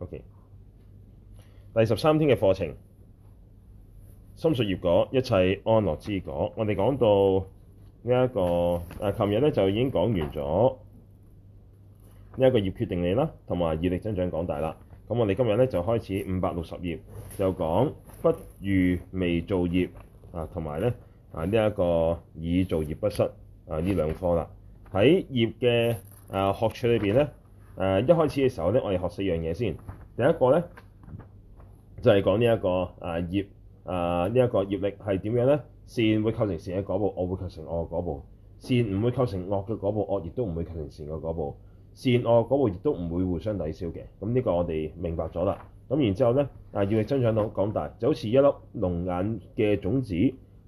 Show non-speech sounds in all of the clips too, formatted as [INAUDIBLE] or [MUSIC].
O.K. 第十三天嘅課程，深述業果一切安樂之果。我哋講到呢、這、一個，啊，琴日咧就已經講完咗呢一個業決定理啦，同埋業力增長廣大啦。咁我哋今日咧就開始五百六十頁，就講不遇未造業啊，同埋咧啊呢一、這個已造業不失啊呢兩科啦。喺業嘅啊學處裏邊咧。誒、uh, 一開始嘅時候咧，我哋學四樣嘢先。第一個咧就係、是、講呢、這、一個誒、啊、業誒呢一個業力係點樣咧？善會構成善嘅嗰步，惡會構成惡嘅嗰步；善唔會構成惡嘅嗰步，惡亦都唔會構成善嘅嗰步；善惡嗰步亦都唔會互相抵消嘅。咁呢個我哋明白咗啦。咁然之後咧，啊業力增長到廣大，就好似一粒龍眼嘅種子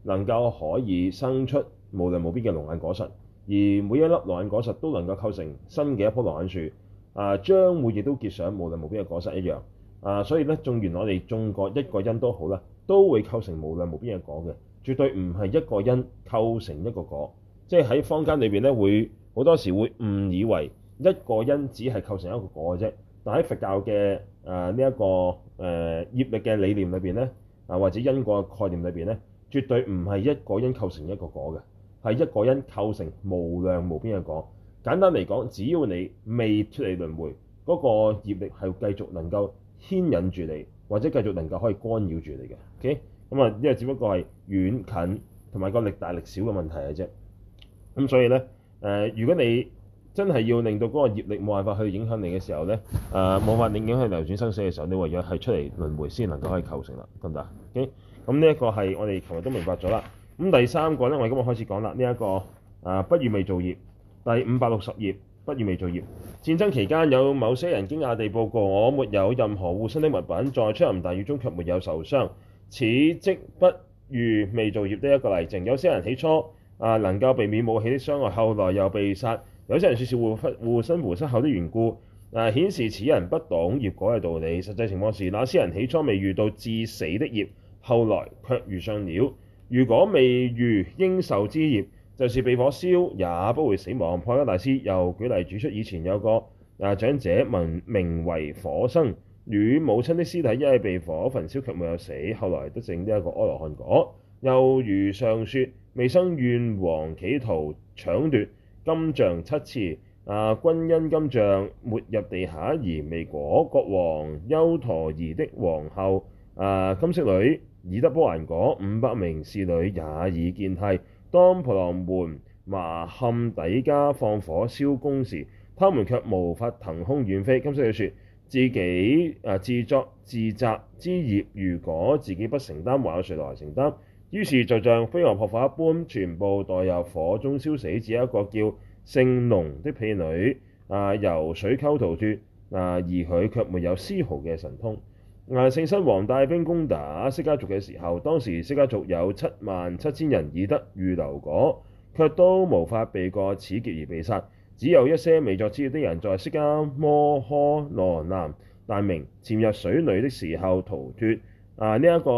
能夠可以生出無量無邊嘅龍眼果實，而每一粒龍眼果實都能夠構成新嘅一樖龍眼樹，啊，將會亦都結上無量無邊嘅果實一樣。啊，所以咧，種完我哋種個一個因都好啦，都會構成無量無邊嘅果嘅，絕對唔係一個因構成一個果。即係喺坊間裏邊咧，會好多時會誤以為一個因只係構成一個果嘅啫。但喺佛教嘅誒呢一個誒、呃、業力嘅理念裏邊咧，啊或者因果嘅概念裏邊咧，絕對唔係一個因構成一個果嘅，係一個因構成無量無邊嘅果。簡單嚟講，只要你未出嚟輪迴，嗰、那個業力係繼續能夠牽引住你，或者繼續能夠可以干擾住你嘅。OK，咁啊，因為只不過係遠近同埋個力大力小嘅問題嘅啫。咁、嗯、所以咧，誒、呃，如果你真係要令到嗰個業力冇辦法去影響你嘅時候咧，誒、呃，冇法令影響佢流轉生死嘅時候，你唯有係出嚟輪迴先能夠可以構成啦，得唔得？OK，咁呢一個係我哋琴日都明白咗啦。咁、嗯、第三個咧，我哋今日開始講啦。呢、這、一個啊、呃，不遇未造業。第五百六十頁，不遇未造業。戰爭期間有某些人驚訝地報告：我沒有任何護身的物品，在槍林彈雨中卻沒有受傷。此即不遇未造業的一個例證。有些人起初啊能夠避免武器的傷害，後來又被殺。有些人説是護護身護身符失效的緣故，啊顯示此人不懂業果嘅道理。實際情況是，那些人起初未遇到致死的業，後來卻遇上了。如果未遇應受之業，就是被火燒也不會死亡。帕繃喀大師又舉例指出，以前有個啊長者，名名為火生，與母親的屍體一起被火焚燒，卻沒有死。後來得證一個阿羅漢果。又如上説，未生怨王企圖搶奪金象七次，啊，均因金象沒入地下而未果。國王優陀夷的王后啊，紺色女已得不還果，五百名侍女也已見諦。當婆羅門麻堪底嘎放火燒宮時，他們卻無法騰空遠飛。紺色女說：自己啊，自作自責之業，如果自己不承擔，還有誰來承擔？於是就像飛蛾撲火一般，全部墮入火中燒死。只有一個叫勝隆的婢女啊、呃，由水溝逃脫啊，而佢卻沒有絲毫嘅神通。牙聖生王帶兵攻打釋迦族嘅時候，當時釋迦族有七萬七千人已得預流果，卻都無法避過此劫而被殺。只有一些未作此業的人，在釋迦摩訶羅南大名潛入水裏的時候逃脫。啊，呢、這、一個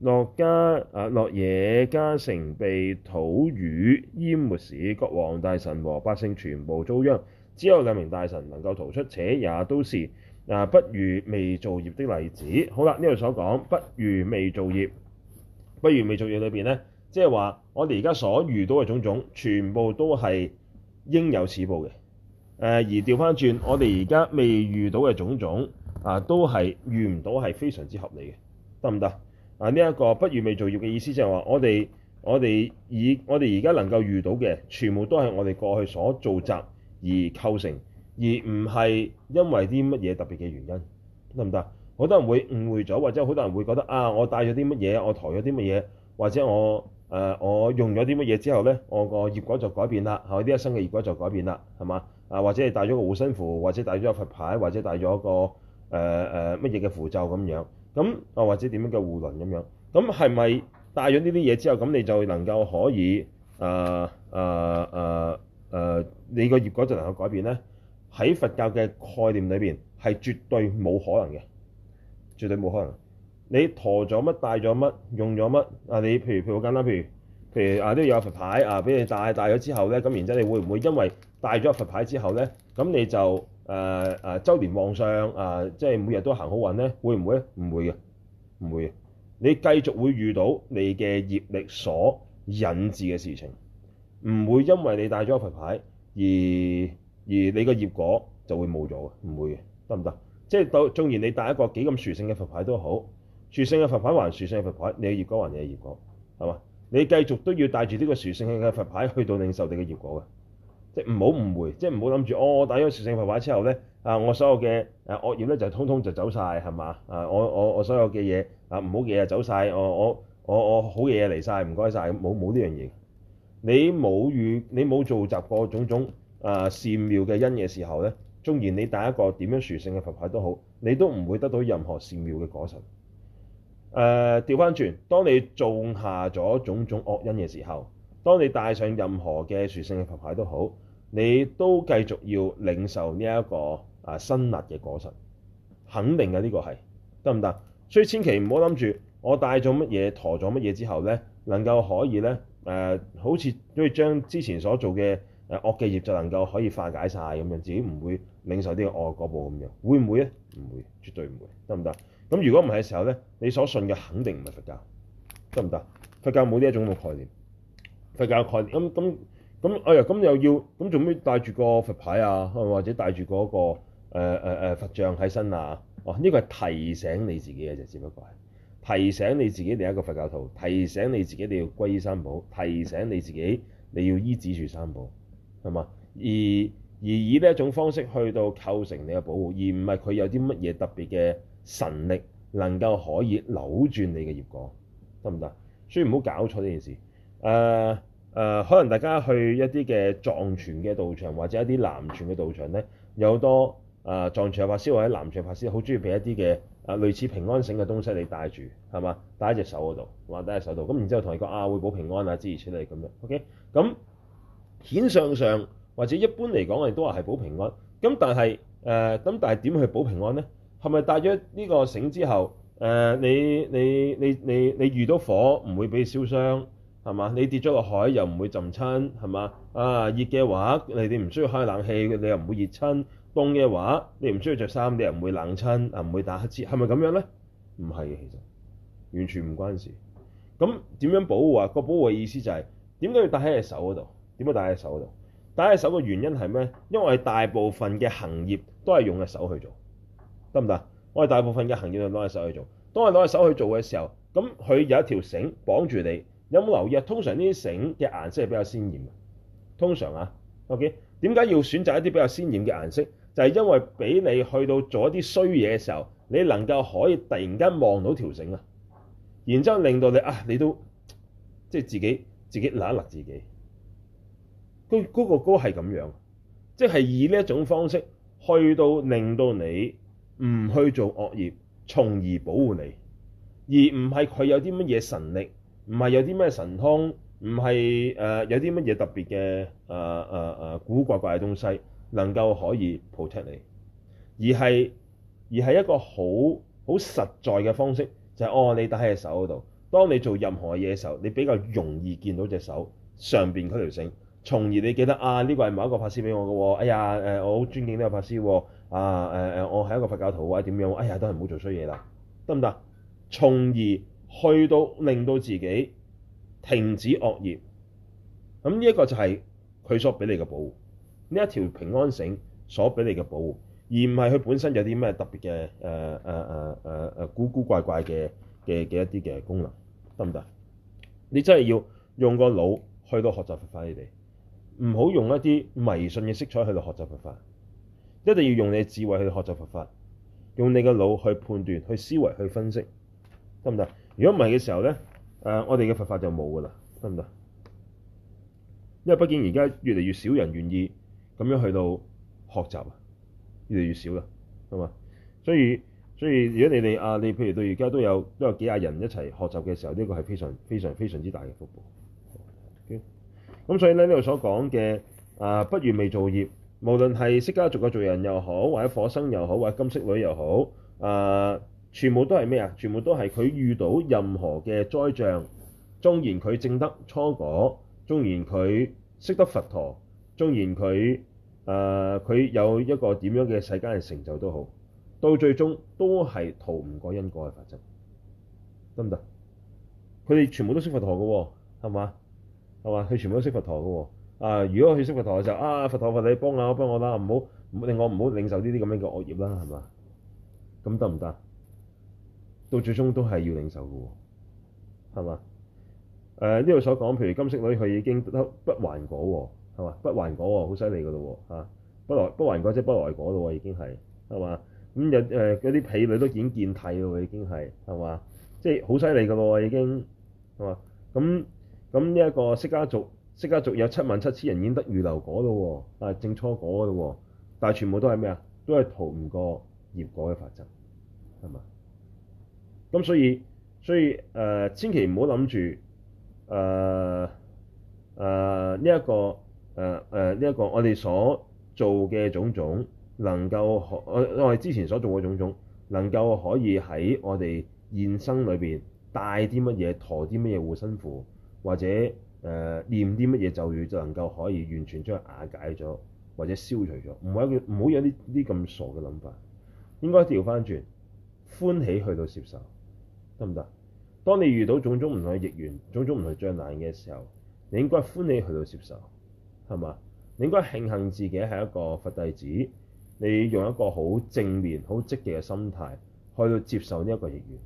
洛惹噶啊，洛惹噶城被土雨淹沒時，國王大臣和百姓全部遭殃，只有兩名大臣能夠逃出，且也都是。嗱、啊，不遇未造業的例子，好啦，呢度所講不遇未造業，不遇未造業裏邊呢，即係話我哋而家所遇到嘅種種，全部都係應有此報嘅、啊。而調翻轉，我哋而家未遇到嘅種種啊，都係遇唔到，係非常之合理嘅，得唔得？嗱、啊，呢、這、一個不遇未造業嘅意思就，就係話我哋我哋以我哋而家能夠遇到嘅，全部都係我哋過去所造集而構成。而唔係因為啲乜嘢特別嘅原因，得唔得？好多人會誤會咗，或者好多人會覺得啊，我帶咗啲乜嘢，我抬咗啲乜嘢，或者我誒、呃、我用咗啲乜嘢之後咧，我個業果就改變啦，係咪？呢一生嘅業果就改變啦，係嘛？啊，或者係帶咗個護身符，或者帶咗個佛牌，或者帶咗個誒誒乜嘢嘅符咒咁樣，咁啊或者點樣嘅護輪咁樣，咁係咪帶咗呢啲嘢之後，咁你就能夠可以誒誒誒誒你個業果就能夠改變咧？喺佛教嘅概念裏邊，係絕對冇可能嘅，絕對冇可能。你陀咗乜，帶咗乜，用咗乜啊？你譬如譬如好簡單，譬如譬如，譬如啊，都有佛牌啊，俾你帶帶咗之後咧，咁然之後你會唔會因為帶咗佛牌之後咧，咁你就誒誒週年旺相啊，即係每日都行好運咧？會唔會咧？唔會嘅，唔會嘅。你繼續會遇到你嘅業力所引致嘅事情，唔會因為你帶咗佛牌而。而你個業果就會冇咗嘅，唔會嘅，得唔得？即係到縱然你帶一個幾咁殊勝嘅佛牌都好，殊勝嘅佛牌還殊勝嘅佛牌，你嘅業果還係業果，係嘛？你繼續都要帶住呢個殊勝嘅佛牌去到領受你嘅業果嘅，即係唔好誤會，即係唔好諗住哦，我帶咗殊勝佛牌之後咧，啊我所有嘅誒惡業咧就通通就走晒，係嘛？啊我我我所有嘅嘢啊唔好嘢就走晒，我我我我好嘢嚟晒，唔該晒，冇冇呢樣嘢。你冇遇你冇做集過種種，啊！善妙嘅因嘅時候呢，縱然你戴一個點樣殊勝嘅佛牌都好，你都唔會得到任何善妙嘅果實。誒、呃，調翻轉，當你種下咗種種惡因嘅時候，當你戴上任何嘅殊勝嘅佛牌都好，你都繼續要領受呢、這、一個啊，辛辣嘅果實。肯定嘅呢、這個係得唔得？所以千祈唔好諗住我帶咗乜嘢，陀咗乜嘢之後呢，能夠可以呢，誒、呃，好似將之前所做嘅。誒惡嘅業就能夠可以化解晒，咁樣，自己唔會領受啲惡果報咁樣，會唔會咧？唔會，絕對唔會，得唔得？咁如果唔係嘅時候咧，你所信嘅肯定唔係佛教，得唔得？佛教冇呢一種咁嘅概念，佛教概念，咁咁咁，哎呀，咁又要咁做咩？帶住個佛牌啊？或者帶住嗰個誒誒、呃呃、佛像喺身啊？哦，呢個係提醒你自己嘅啫，只不過係提醒你自己你係一個佛教徒，提醒你自己你要皈依三寶，提醒你自己你要依止住三寶。係嘛？而而以呢一種方式去到構成你嘅保護，而唔係佢有啲乜嘢特別嘅神力能夠可以扭轉你嘅業果，得唔得？所以唔好搞錯呢件事。誒、呃、誒、呃，可能大家去一啲嘅藏傳嘅道場或者一啲南傳嘅道場咧，有好多啊藏、呃、傳法師或者南傳法師好中意俾一啲嘅啊類似平安繩嘅東西你帶住，係嘛？戴喺隻手嗰度，或戴喺手度，咁然之後同你講啊會保平安啊諸如此類咁樣。OK，咁。顯相上或者一般嚟講，我哋都話係保平安。咁但係誒，咁、呃、但係點去保平安呢？係咪帶咗呢個繩之後，誒、呃、你你你，你，你遇到火唔會俾你燒傷，係嘛？你跌咗落海又唔會浸親，係嘛？啊熱嘅話，你哋唔需要開冷氣，你又唔會熱親；凍嘅話，你唔需要着衫，你又唔會冷親，又唔會打乞嗤，係咪咁樣呢？唔係嘅，其實完全唔關事。咁點樣保護啊？個保護嘅意思就係點解要戴喺隻手嗰度？點解戴喺手度？戴喺手嘅原因係咩？因為大部分嘅行業都係用嘅手去做，得唔得？我哋大部分嘅行業就攞隻手去做。當我攞隻手去做嘅時候，咁佢有一條繩綁住你。有冇留意啊？通常呢啲繩嘅顏色係比較鮮豔嘅。通常啊，OK？點解要選擇一啲比較鮮豔嘅顏色？就係因為俾你去到做一啲衰嘢嘅時候，你能夠可以突然間望到條繩啊，然之後令到你啊，你都即係自己自己甩一甩自己。自己嗰個歌係咁樣，即係以呢一種方式去到令到你唔去做惡業，從而保護你，而唔係佢有啲乜嘢神力，唔係有啲咩神通，唔係誒有啲乜嘢特別嘅誒誒誒古怪怪嘅東西能夠可以 protect 你，而係而係一個好好實在嘅方式，就係、是、哦，你戴喺手度，當你做任何嘢嘅嘢時候，你比較容易見到隻手上邊嗰條繩。從而你記得啊，呢個係某一個法師俾我嘅喎。哎呀，誒、呃、我好尊敬呢個法師喎。啊，誒、呃、誒、呃、我係一個佛教徒啊，點樣？哎呀，都係唔好做衰嘢啦，得唔得？從而去到令到自己停止惡業，咁呢一個就係佢所俾你嘅保護，呢一條平安繩所俾你嘅保護，而唔係佢本身有啲咩特別嘅誒誒誒誒誒古古怪怪嘅嘅嘅一啲嘅功能，得唔得？你真係要用個腦去到學習佛法你，你哋。唔好用一啲迷信嘅色彩去到學習佛法，一定要用你智慧去學習佛法，用你嘅腦去判斷、去思維、去分析，得唔得？如果唔係嘅時候咧，誒、呃，我哋嘅佛法就冇噶啦，得唔得？因為畢竟而家越嚟越少人願意咁樣去到學習啊，越嚟越少啦，係嘛？所以所以，如果你哋啊，你譬如到而家都有都有幾廿人一齊學習嘅時候，呢個係非常非常非常之大嘅福報。咁所以咧，呢度所講嘅啊，不遇未造業，無論係釋迦族嘅做人又好，或者火生又好，或者紺色女又好，啊，全部都係咩啊？全部都係佢遇到任何嘅災障，縱然佢證得初果，縱然佢識得佛陀，縱然佢啊，佢有一個點樣嘅世間嘅成就都好，到最終都係逃唔過因果嘅法則，得唔得？佢哋全部都識佛陀嘅喎、哦，係嘛？係嘛？佢全部都識佛陀嘅喎、啊。啊，如果佢識佛陀嘅時候，啊，佛陀佛你幫下、啊，我幫我啦，唔好唔令我唔好領受呢啲咁樣嘅惡業啦，係嘛？咁得唔得？到最終都係要領受嘅喎。係嘛？誒呢度所講，譬如紺色女，佢已經得不還果喎，係嘛？不還果喎，好犀利嘅咯喎嚇！不來不還果即係不來果咯喎，已經係係嘛？咁有誒啲婢女都已經見諦喎，已經係係嘛？即係好犀利嘅咯喎，已經係嘛？咁。咁呢一個釋迦族，釋迦族有七萬七千人已經得預流果咯，啊，正初果嘅咯，但係全部都係咩啊？都係逃唔過業果嘅法則，係嘛？咁所以所以誒、呃，千祈唔好諗住誒誒呢一個誒誒呢一個我哋所做嘅種種能夠，能夠可我我哋之前所做嘅種種，能夠可以喺我哋現生裏邊帶啲乜嘢，陀啲乜嘢護身符？或者誒唸啲乜嘢咒語，就能夠可以完全將佢瓦解咗，或者消除咗。唔好有唔好有啲啲咁傻嘅諗法。應該調翻轉歡喜去到接受，得唔得？當你遇到種種唔同嘅逆緣，種種唔同災難嘅時候，你應該歡喜去到接受，係嘛？你應該慶幸自己係一個佛弟子，你用一個好正面、好積極嘅心態去到接受呢一個逆緣，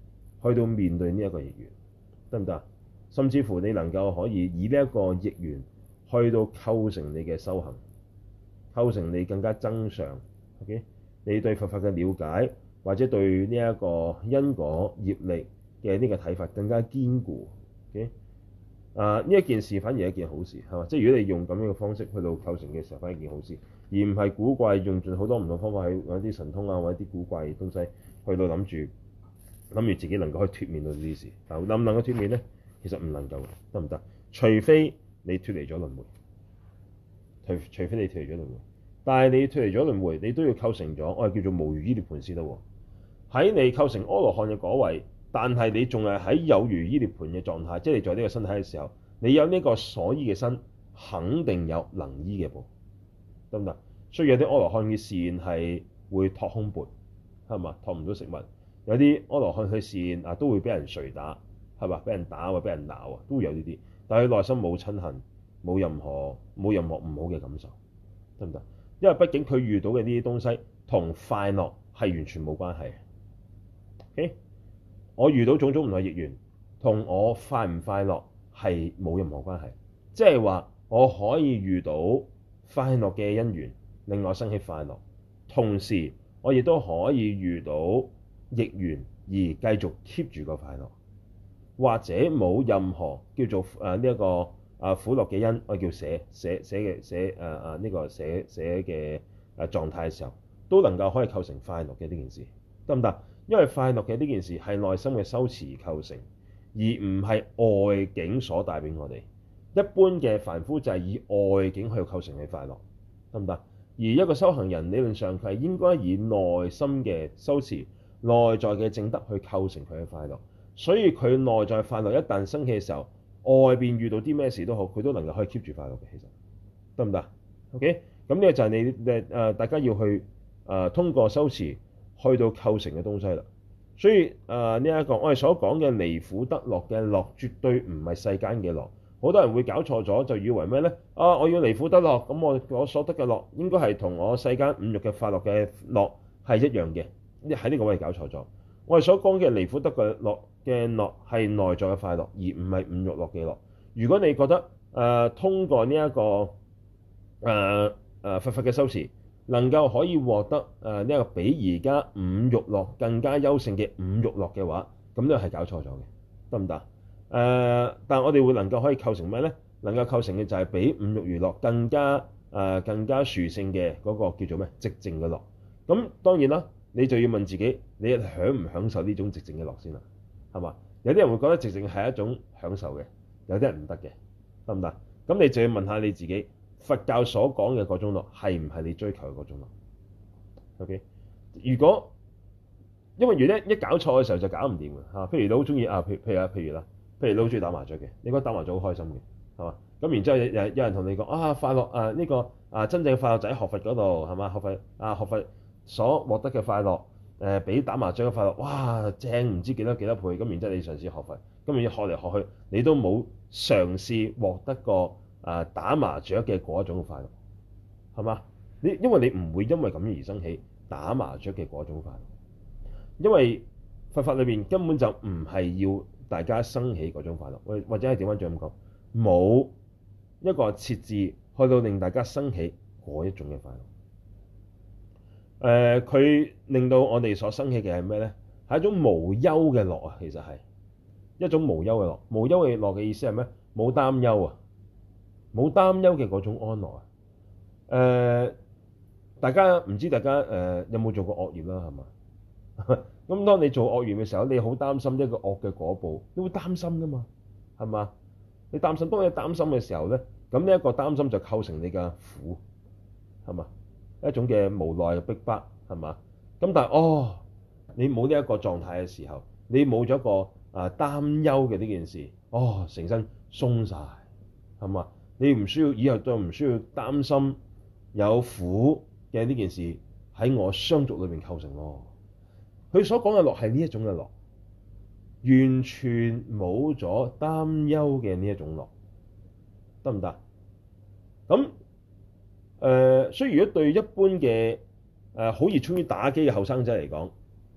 去到面對呢一個逆緣，得唔得？甚至乎你能夠可以以呢一個業緣去到構成你嘅修行，構成你更加增上。O.K.，你對佛法嘅了解，或者對呢一個因果業力嘅呢個睇法更加堅固。O.K.，啊，呢一件事反而係一件好事，係嘛？即係如果你用咁樣嘅方式去到構成嘅時候，反而一件好事，而唔係古怪用盡好多唔同方法去揾啲神通啊，或者啲古怪嘅東西去到諗住諗住自己能夠去脫免到呢啲事。但能唔能夠脫免咧？其實唔能夠，得唔得？除非你脱離咗輪迴，除除非你脱離咗輪迴。但係你脱離咗輪迴，你都要構成咗，我係叫做無餘依涅盤先得喎。喺你構成阿羅漢嘅果位，但係你仲係喺有餘依涅盤嘅狀態，即係你在呢個身體嘅時候，你有呢個所依嘅身，肯定有能依嘅噃。得唔得？所以有啲阿羅漢嘅善係會托空缽，係嘛？托唔到食物，有啲阿羅漢嘅善啊都會俾人捶打。係嘛？俾人打喎，俾人鬧啊，都會有呢啲。但係佢內心冇親恨，冇任何冇任何唔好嘅感受，得唔得？因為畢竟佢遇到嘅呢啲東西同快樂係完全冇關係。Okay? 我遇到種種唔同嘅逆緣，同我快唔快樂係冇任何關係。即係話我可以遇到快樂嘅因緣，令我生起快樂；同時我亦都可以遇到逆緣，而繼續 keep 住個快樂。或者冇任何叫做誒呢一個啊苦樂嘅因，我叫寫寫寫嘅寫誒誒呢個寫寫嘅誒狀態嘅時候，都能夠可以構成快樂嘅呢件事，得唔得？因為快樂嘅呢件事係內心嘅修持構成，而唔係外境所帶俾我哋。一般嘅凡夫就係以外境去構成佢快樂，得唔得？而一個修行人理論上佢係應該以內心嘅修持、內在嘅正德去構成佢嘅快樂。所以佢內在快樂一旦升起嘅時候，外邊遇到啲咩事都好，佢都能夠可以 keep 住快樂嘅。其實得唔得？OK，咁呢個就係你你誒、呃、大家要去誒、呃、通過修持去到構成嘅東西啦。所以誒呢一個我哋所講嘅離苦得樂嘅樂，樂，絕對唔係世間嘅樂。好多人會搞錯咗，就以為咩咧？啊，我要離苦得樂，咁我我所得嘅樂應該係同我世間五欲嘅快樂嘅樂係一樣嘅。喺呢個位搞錯咗。我哋所講嘅離苦得嘅樂。嘅樂係內在嘅快樂，而唔係五欲樂嘅樂。如果你覺得誒、呃、通過呢、這、一個誒誒佛佛嘅修持能夠可以獲得誒呢、呃這個比而家五欲樂更加優勝嘅五欲樂嘅話，咁都係搞錯咗嘅，得唔得？誒、呃，但我哋會能夠可以構成咩呢？能夠構成嘅就係比五欲娛樂更加誒、呃、更加殊勝嘅嗰個叫做咩寂靜嘅樂。咁當然啦，你就要問自己，你享唔享受呢種寂靜嘅樂先啦？係嘛？有啲人會覺得直情係一種享受嘅，有啲人唔得嘅，得唔得？咁你就要問下你自己，佛教所講嘅嗰種樂係唔係你追求嘅嗰種樂？OK，如果因為而咧一搞錯嘅時候就搞唔掂嘅嚇。譬如你好中意啊，譬譬如啊，譬如啦、啊，譬如你好中意打麻雀嘅，你覺得打麻雀好開心嘅，係嘛？咁然之後有有人同你講啊，快樂啊呢個啊真正嘅快樂就喺學佛嗰度，係嘛？學佛啊，啊學佛所獲得嘅快樂。誒俾打麻雀嘅快樂，哇正唔知幾多幾多倍，咁然之後你嘗試學佛，咁然之學嚟學去，你都冇嘗試獲得過誒打麻雀嘅嗰一種快樂，係嘛？你因為你唔會因為咁而生起打麻雀嘅嗰種快樂，因為佛法裏面根本就唔係要大家生起嗰種快樂，或或者係點翻轉咁講，冇一個設置去到令大家生起嗰一種嘅快樂。誒佢、呃、令到我哋所生起嘅係咩咧？係一種無憂嘅樂啊，其實係一種無憂嘅樂。無憂嘅樂嘅意思係咩？冇擔憂啊，冇擔憂嘅嗰種安樂啊。誒、呃，大家唔知大家誒、呃、有冇做過惡業啦，係嘛？咁 [LAUGHS] 當你做惡業嘅時候，你好擔心一個惡嘅果報，你會擔心噶嘛？係嘛？你擔心，當你擔心嘅時候咧，咁呢一個擔心就構成你嘅苦，係嘛？一種嘅無奈嘅逼迫係嘛？咁但係哦，你冇呢一個狀態嘅時候，你冇咗一個啊擔憂嘅呢件事，哦，成身鬆晒，係嘛？你唔需要以後都唔需要擔心有苦嘅呢件事喺我相續裏面構成咯。佢、哦、所講嘅樂係呢一種嘅樂，完全冇咗擔憂嘅呢一種樂，得唔得？咁、嗯。誒、呃，所以如果對一般嘅誒好熱衷於打機嘅後生仔嚟講，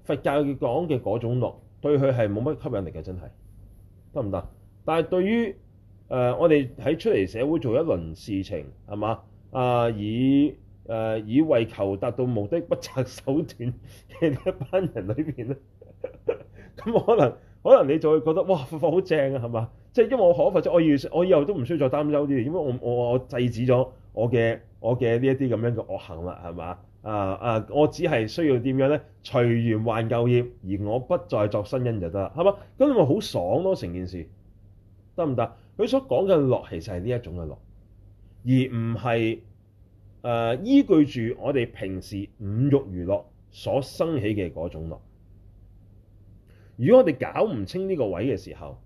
佛教的講嘅嗰種樂，對佢係冇乜吸引力嘅，真係得唔得？但係對於誒、呃、我哋喺出嚟社會做一輪事情係嘛啊，以誒、呃、以為求達到目的不擇手段嘅一班人裏邊咧，咁、 [LAUGHS] 嗯、可能可能你就會覺得，哇佛法好正啊係嘛？即係、就是、因為我可佛我以我以後都唔需要再擔憂啲，因為我我我，我制止咗我嘅。我嘅呢一啲咁樣嘅惡行啦，係嘛？啊啊！我只係需要點樣咧？隨緣還舊業，而我不再作新因就得啦，係嘛？咁你咪好爽咯，啊，成件事得唔得？佢所講嘅樂其實係呢一種嘅樂，而唔係誒依據住我哋平時五慾娛樂所生起嘅嗰種樂。如果我哋搞唔清呢個位嘅時候，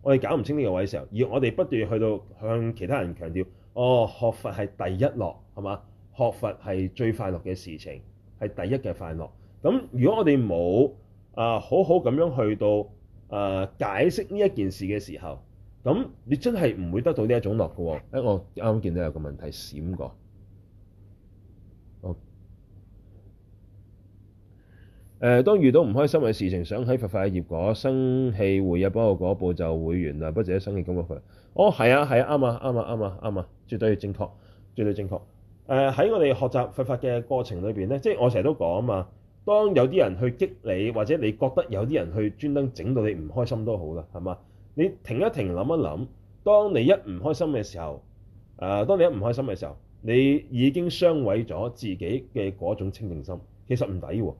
我哋搞唔清呢個位嘅時候，而我哋不斷去到向其他人強調。哦，學佛係第一樂，係嘛？學佛係最快樂嘅事情，係第一嘅快樂。咁如果我哋冇啊，好好咁樣去到啊、呃、解釋呢一件事嘅時候，咁你真係唔會得到呢一種樂嘅喎、哦欸。我啱啱見到有個問題閃過。我、哦、誒、呃，當遇到唔開心嘅事情，想喺佛法嘅業果生氣回憶果，回入不步嗰步就會完啦，不值得生氣咁喎佢。哦，係啊，係啊，啱啊，啱啊，啱啊，啱啊。絕對要正確，絕對正確。誒、呃、喺我哋學習佛法嘅過程裏邊咧，即係我成日都講啊嘛。當有啲人去激你，或者你覺得有啲人去專登整到你唔開心都好啦，係嘛？你停一停，諗一諗。當你一唔開心嘅時候，誒、呃，當你一唔開心嘅時候，你已經傷毀咗自己嘅嗰種清淨心，其實唔抵喎，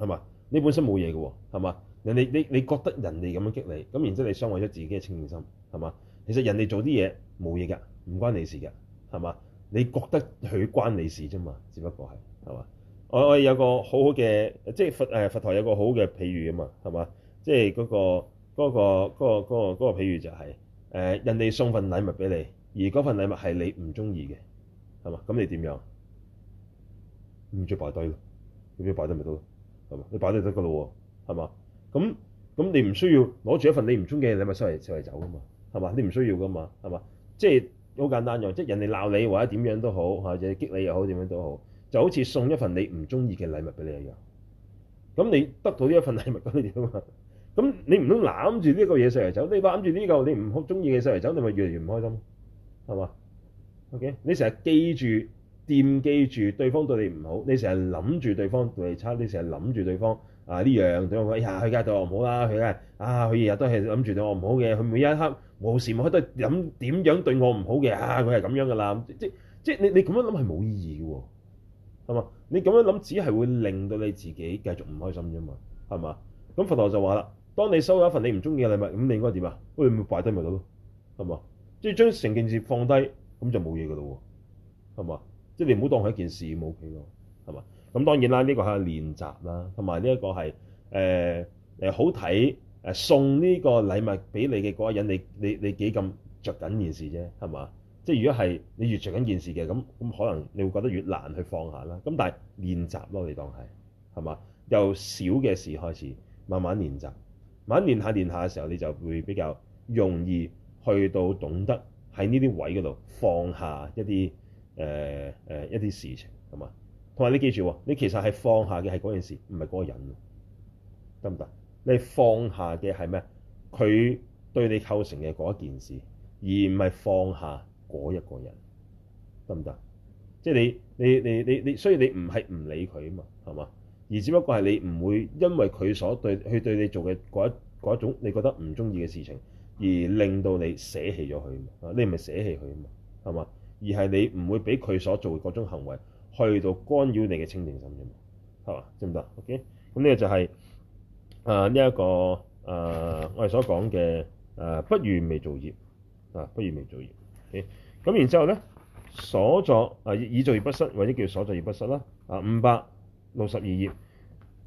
係嘛？你本身冇嘢嘅喎，係嘛？人哋你你，你覺得人哋咁樣激你，咁然之後你傷毀咗自己嘅清淨心，係嘛？其實人哋做啲嘢冇嘢㗎。唔關你事㗎，係嘛？你覺得佢關你事啫嘛？只不過係係嘛？我我有個好好嘅，即係佛誒、呃、佛陀有個好嘅譬喻啊嘛，係嘛？即係嗰、那個嗰、那個嗰、那個嗰、那個嗰、那個那個、譬喻就係、是、誒、呃、人哋送份禮物俾你，而嗰份禮物係你唔中意嘅，係嘛？咁你點樣唔著擺低咯？唔著擺低咪得咯？係嘛？你擺低得㗎啦喎，係嘛？咁咁你唔需要攞住一份你唔中意嘅禮物收嚟收嚟走㗎嘛？係嘛？你唔需要㗎嘛？係嘛？即係。好簡單嘅，即係人哋鬧你或者點樣都好，或者激你又好點樣都好，就好似送一份你唔中意嘅禮物俾你一樣。咁你得到呢一份禮物，咁你點啊？咁你唔通攬住呢個嘢上嚟走？你話攬住呢個你唔好中意嘅上嚟走，你咪越嚟越唔開心，係嘛？OK，你成日記住、掂記住對方對你唔好，你成日諗住對方對你差，你成日諗住對方。啊呢、哎啊、樣對我，呀佢梗係對我唔好啦！佢梗係啊，佢日日都係諗住對我唔好嘅，佢每一刻冇時冇刻都係諗點樣對我唔好嘅啊！佢係咁樣噶啦，即即即你你咁樣諗係冇意義嘅喎，係嘛？你咁樣諗只係會令到你自己繼續唔開心啫嘛，係嘛？咁佛陀就話啦，當你收到一份你唔中意嘅禮物，咁你應該點啊？喂，咪擺低咪得咯，係嘛？即將成件事放低，咁就冇嘢噶咯喎，係嘛？即你唔好當佢一件事，冇企㗎，係嘛？咁當然啦，呢、這個係練習啦，同埋呢一個係誒誒好睇誒、呃、送呢個禮物俾你嘅嗰個人，你你你幾咁着緊件事啫，係嘛？即係如果係你越着緊件事嘅，咁咁可能你會覺得越難去放下啦。咁但係練習咯，你當係係嘛？由小嘅事開始，慢慢練習，慢慢練下練下嘅時候，你就會比較容易去到懂得喺呢啲位嗰度放下一啲誒誒一啲事情，係嘛？同埋你記住，你其實係放下嘅係嗰件事，唔係嗰個人，得唔得？你放下嘅係咩？佢對你構成嘅嗰一件事，而唔係放下嗰一個人，得唔得？即係你你你你你，所以你唔係唔理佢啊嘛，係嘛？而只不過係你唔會因為佢所對佢對你做嘅嗰一,一種你覺得唔中意嘅事情，而令到你捨棄咗佢啊嘛，你唔係捨棄佢啊嘛，係嘛？而係你唔會俾佢所做嗰種行為。去到干擾你嘅清淨心啫嘛，係嘛？知唔得？OK，咁呢、就是呃這個就係誒呢一個誒我哋所講嘅誒不遇未造業啊，不遇未造業。咁、okay? 然之後咧所作誒、啊、已造業不失，或者叫所作業不失啦。啊，五百六十二頁，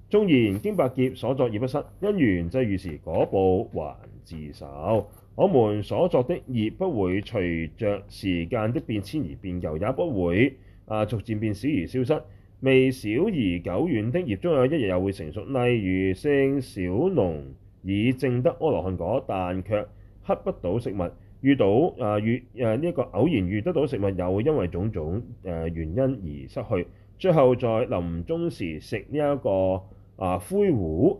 縱然經百劫，所作業不失，因緣際遇時果報還自受。我們所作的業不會隨着時間的變遷而變舊，又也不會。啊，逐漸變小而消失，微小而久遠的業終有一日又會成熟。例如聖小隆已證得阿羅漢果，但卻乞不到食物。遇到啊遇啊呢一、這個偶然遇得到食物，又會因為種種誒原因而失去。最後在臨終時食呢、這、一個啊灰糊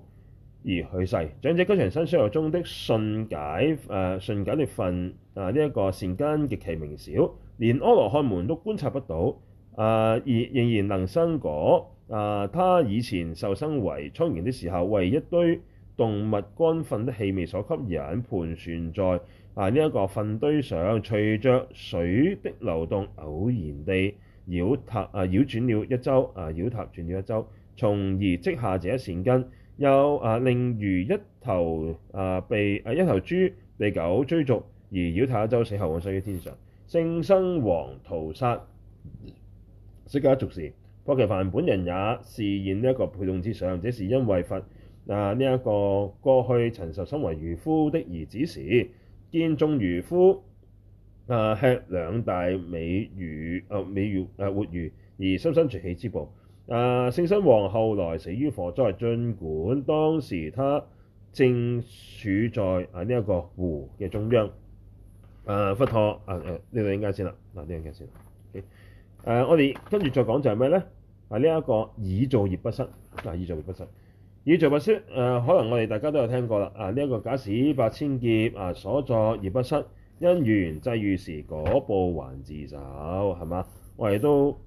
而去世。長者吉祥生相續中的順解誒順、啊、解脫分啊呢一、這個善根極其微小，連阿羅漢們都觀察不到。啊！而仍然能生果。啊！他以前受生為蒼蠅的時候，為一堆動物乾糞的氣味所吸引，盤旋在啊呢一個糞堆上，隨着水的流動，偶然地繞塔啊繞轉了一周啊繞塔轉了一周，從而積下這一善根。又啊，另如一頭啊被啊一頭豬被狗追逐而繞塔一週，死後往生於天上。聖生王屠殺釋迦族時，薄伽梵本人也示現呢一個背痛之相，這是因為佛啊呢一、這個過去曾受生為漁夫的兒子時，見眾漁夫啊吃兩大尾魚啊尾魚啊活魚而心生隨喜之報。啊聖生王後來死於火災，儘管當時他正處在啊呢一、這個湖嘅中央。啊佛陀啊啊呢度應該先啦，嗱呢度應該誒、啊，我哋跟住再講就係咩咧？啊，呢、這、一個已造業不失」，「嗱，已造業不失」，「已造業不失，可能我哋大家都有聽過啦。啊，呢、這、一個假使百千劫啊，所作業不失，因緣際遇時，果報還自受，係嘛？我哋都，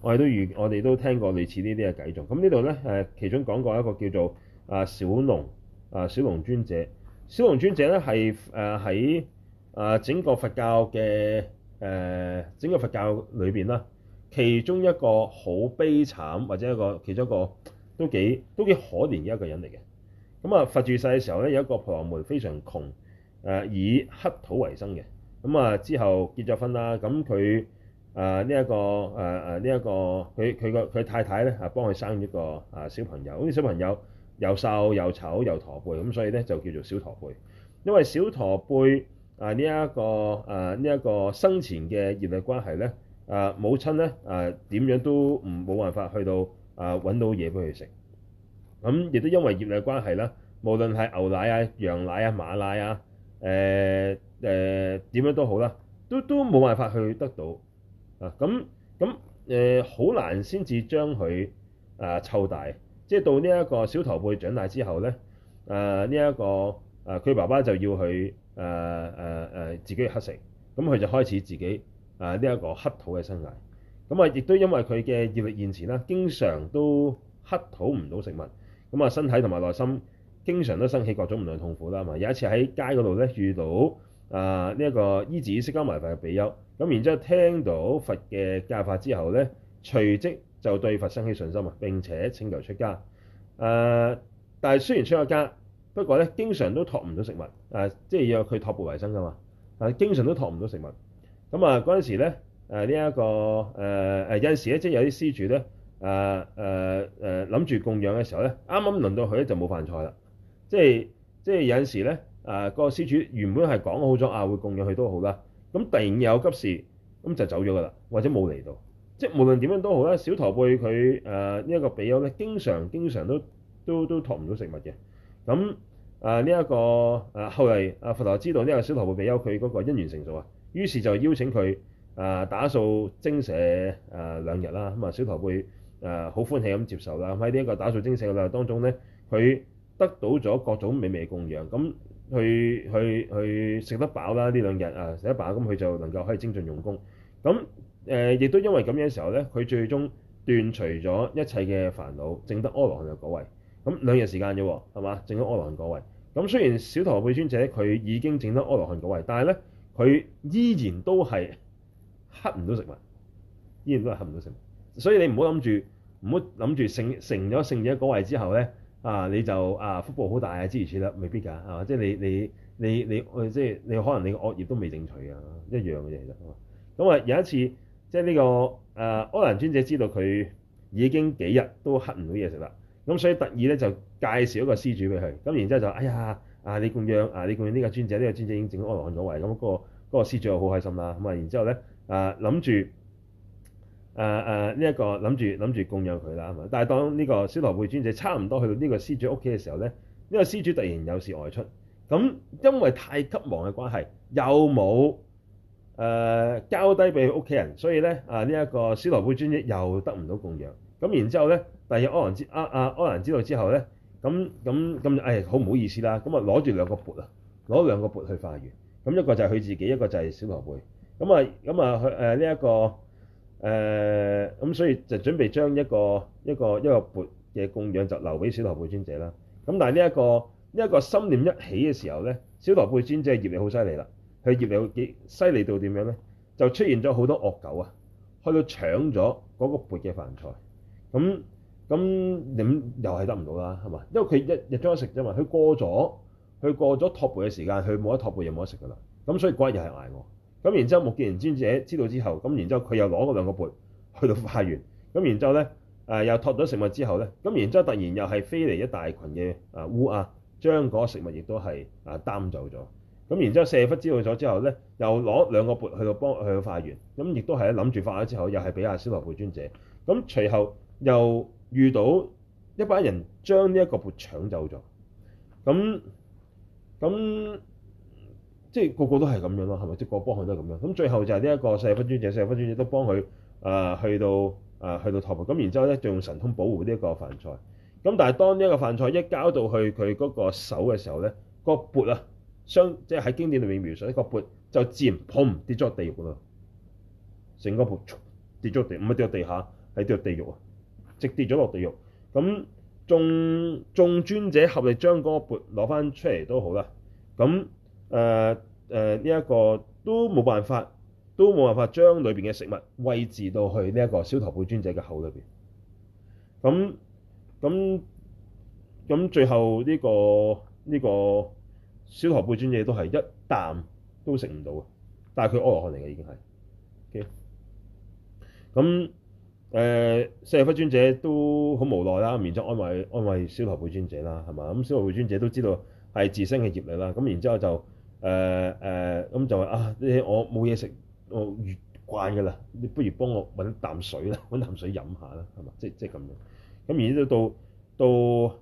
我哋都，都遇，我哋都聽過類似呢啲嘅偈頌。咁呢度咧，誒，其中講過一個叫做啊小隆，啊小隆尊者，小隆尊者咧係誒喺啊，啊，啊整個佛教嘅。誒、呃、整個佛教裏邊啦，其中一個好悲慘或者一個其中一個都幾都幾可憐嘅一個人嚟嘅。咁、嗯、啊，佛住世嘅時候咧，有一個婆羅門非常窮，誒、呃、以乞討為生嘅。咁、嗯、啊之後結咗婚啦，咁佢誒呢一個誒誒呢一個佢佢個佢太太咧啊幫佢生咗個啊小朋友，好似小朋友又瘦又醜又駝背，咁所以咧就叫做小駝背，因為小駝背。啊！呢一個啊，呢一個生前嘅業力關係咧，啊，母親咧，啊點樣都唔冇辦法去到啊揾到嘢俾佢食。咁亦都因為業力關係啦，無論係牛奶啊、羊奶啊、馬奶啊，誒誒點樣都好啦，都都冇辦法去得到啊。咁咁誒好難先至將佢啊湊大，即係到呢一個小頭背長大之後咧，啊呢一個啊佢爸爸就要去。誒誒誒，uh, uh, uh, 自己去乞食，咁佢就開始自己誒呢一個乞討嘅生涯。咁啊，亦都因為佢嘅業力現前啦，經常都乞討唔到食物，咁啊，身體同埋內心經常都生起各種唔同嘅痛苦啦。嘛，有一次喺街嗰度咧遇到誒呢一個依止釋迦埋伏嘅比丘，咁然之後聽到佛嘅教法之後咧，隨即就對佛生起信心啊，並且請求出家。誒、uh，但係雖然出咗家。不過咧，經常都託唔到食物，誒、啊，即係要佢托缽維生㗎嘛。啊，經常都託唔到食物。咁啊，嗰陣時咧，誒、啊啊啊啊、呢一個誒誒有陣時咧，即係有啲施主咧，誒誒誒諗住供養嘅時候咧，啱啱輪到佢咧就冇飯菜啦。即係即係有陣時咧，誒、啊那個施主原本係講好咗啊，會供養佢都好啦。咁、啊、突然有急事，咁就走咗㗎啦，或者冇嚟到。即係無論點樣都好啦，小駝背佢誒呢一個比丘咧，經常經常都都都，都，都，都託唔到食物嘅。咁、嗯、啊呢一、這個啊，後嚟啊佛陀知道呢個小陀缽比丘佢嗰個因緣成熟啊，於是就邀請佢啊打掃精舍啊兩日啦。咁啊、嗯、小陀缽啊好、嗯、歡喜咁接受啦。喺呢一個打掃精舍嘅兩日當中咧，佢得到咗各種美味供養，咁去去去食得飽啦，呢兩日啊食得飽，咁、嗯、佢就能夠可以精進用功。咁誒亦都因為咁樣嘅時候咧，佢最終斷除咗一切嘅煩惱，證得阿羅漢嘅果位。咁兩日時間啫喎，係嘛？整咗阿羅漢果位。咁雖然小陀羅貝尊者佢已經整得阿羅漢果位，但係咧佢依然都係乞唔到食物，依然都係乞唔到食物。所以你唔好諗住，唔好諗住成成咗聖者果位之後咧，啊你就啊福報好大啊，諸如此類，未必㗎，係、啊、嘛？即係你你你你，你你你啊、即係你可能你惡業都未整取嘅、啊，一樣嘅嘢其實。咁我有一次即係、這、呢個誒、啊、阿羅漢尊者知道佢已經幾日都乞唔到嘢食啦。咁所以特意咧就介紹一個施主俾佢，咁然之後就哎呀，啊你供養，啊你供養呢個尊者，呢、這個尊者已經整安羅漢咗位，咁、那、嗰個嗰施、那個、主又好開心啦，咁啊然之後咧，啊諗住，誒誒呢一個諗住諗住供養佢啦，咁啊，但係當呢個小羅漢尊者差唔多去到呢個施主屋企嘅時候咧，呢、這個施主突然有事外出，咁因為太急忙嘅關係，又冇誒、呃、交低俾佢屋企人，所以咧啊呢一、這個小羅漢尊者又得唔到供養。咁然，然之後咧，但、啊、係、啊、阿難知阿阿阿難知道之後咧，咁咁咁就好唔好意思啦。咁啊攞住兩個缽啊，攞兩個缽去化緣。咁一個就係佢自己，一個就係小駝背。咁、嗯、啊咁、這個呃、啊佢誒呢一個誒咁，所以就準備將一,一個一個一個缽嘅供養就留俾小駝背尊者啦。咁但係呢一個呢一、這個心念一起嘅時候咧，小駝背尊者業力好犀利啦。佢業力幾犀利到點樣咧？就出現咗好多惡狗啊，去到搶咗嗰個缽嘅飯菜。咁咁點又係得唔到啦，係嘛？因為佢一日只食啫嘛。佢過咗佢過咗托缽嘅時間，佢冇得托缽又冇得食噶啦。咁所以骨又係挨我。咁然之後目犍連尊者知道之後，咁然之後佢又攞嗰兩個缽去到化緣。咁然之後咧誒又托咗食物之後咧，咁然之後突然又係飛嚟一大群嘅啊烏鴉，將嗰食物亦都係啊擔走咗。咁然之後舍弗知道咗之後咧，又攞兩個缽去到幫去到化緣，咁亦都係喺諗住化咗之後，又係俾阿小羅菩尊者咁，後隨後。又遇到一班人將呢一個缽搶走咗，咁咁即係個個都係咁樣咯，係咪？即係個幫佢都係咁樣。咁最後就係呢一個細分尊者、細分尊者都幫佢啊、呃、去到啊、呃、去到頭。咁然之後咧，就用神通保護呢一個飯菜。咁但係當呢一個飯菜一交到去佢嗰個手嘅時候咧，個缽啊，相即係喺經典裡面描述，個缽就自然砰跌咗入地獄嗰度，成個缽跌咗入地，唔係跌入地下，係跌入地獄啊！直跌咗落地獄，咁眾眾尊者合力將嗰個缽攞翻出嚟、呃呃這個、都好啦，咁誒誒呢一個都冇辦法，都冇辦法將裏邊嘅食物餵置到去呢一個小駝背尊者嘅口裏邊，咁咁咁最後呢、這個呢、這個小駝背尊者都係一啖都食唔到嘅，但係佢阿羅漢嚟嘅已經係咁。Okay? 誒四頭灰尊者都好無奈啦，然之後安慰安慰小頭灰尊者啦，係嘛？咁、嗯、小頭灰尊者都知道係自身嘅業力啦，咁然之後就誒誒咁就話啊，你我冇嘢食，我越慣㗎啦，你不如幫我揾啖水啦，揾啖水飲下啦，係嘛、就是就是？即即係咁樣。咁然之後到到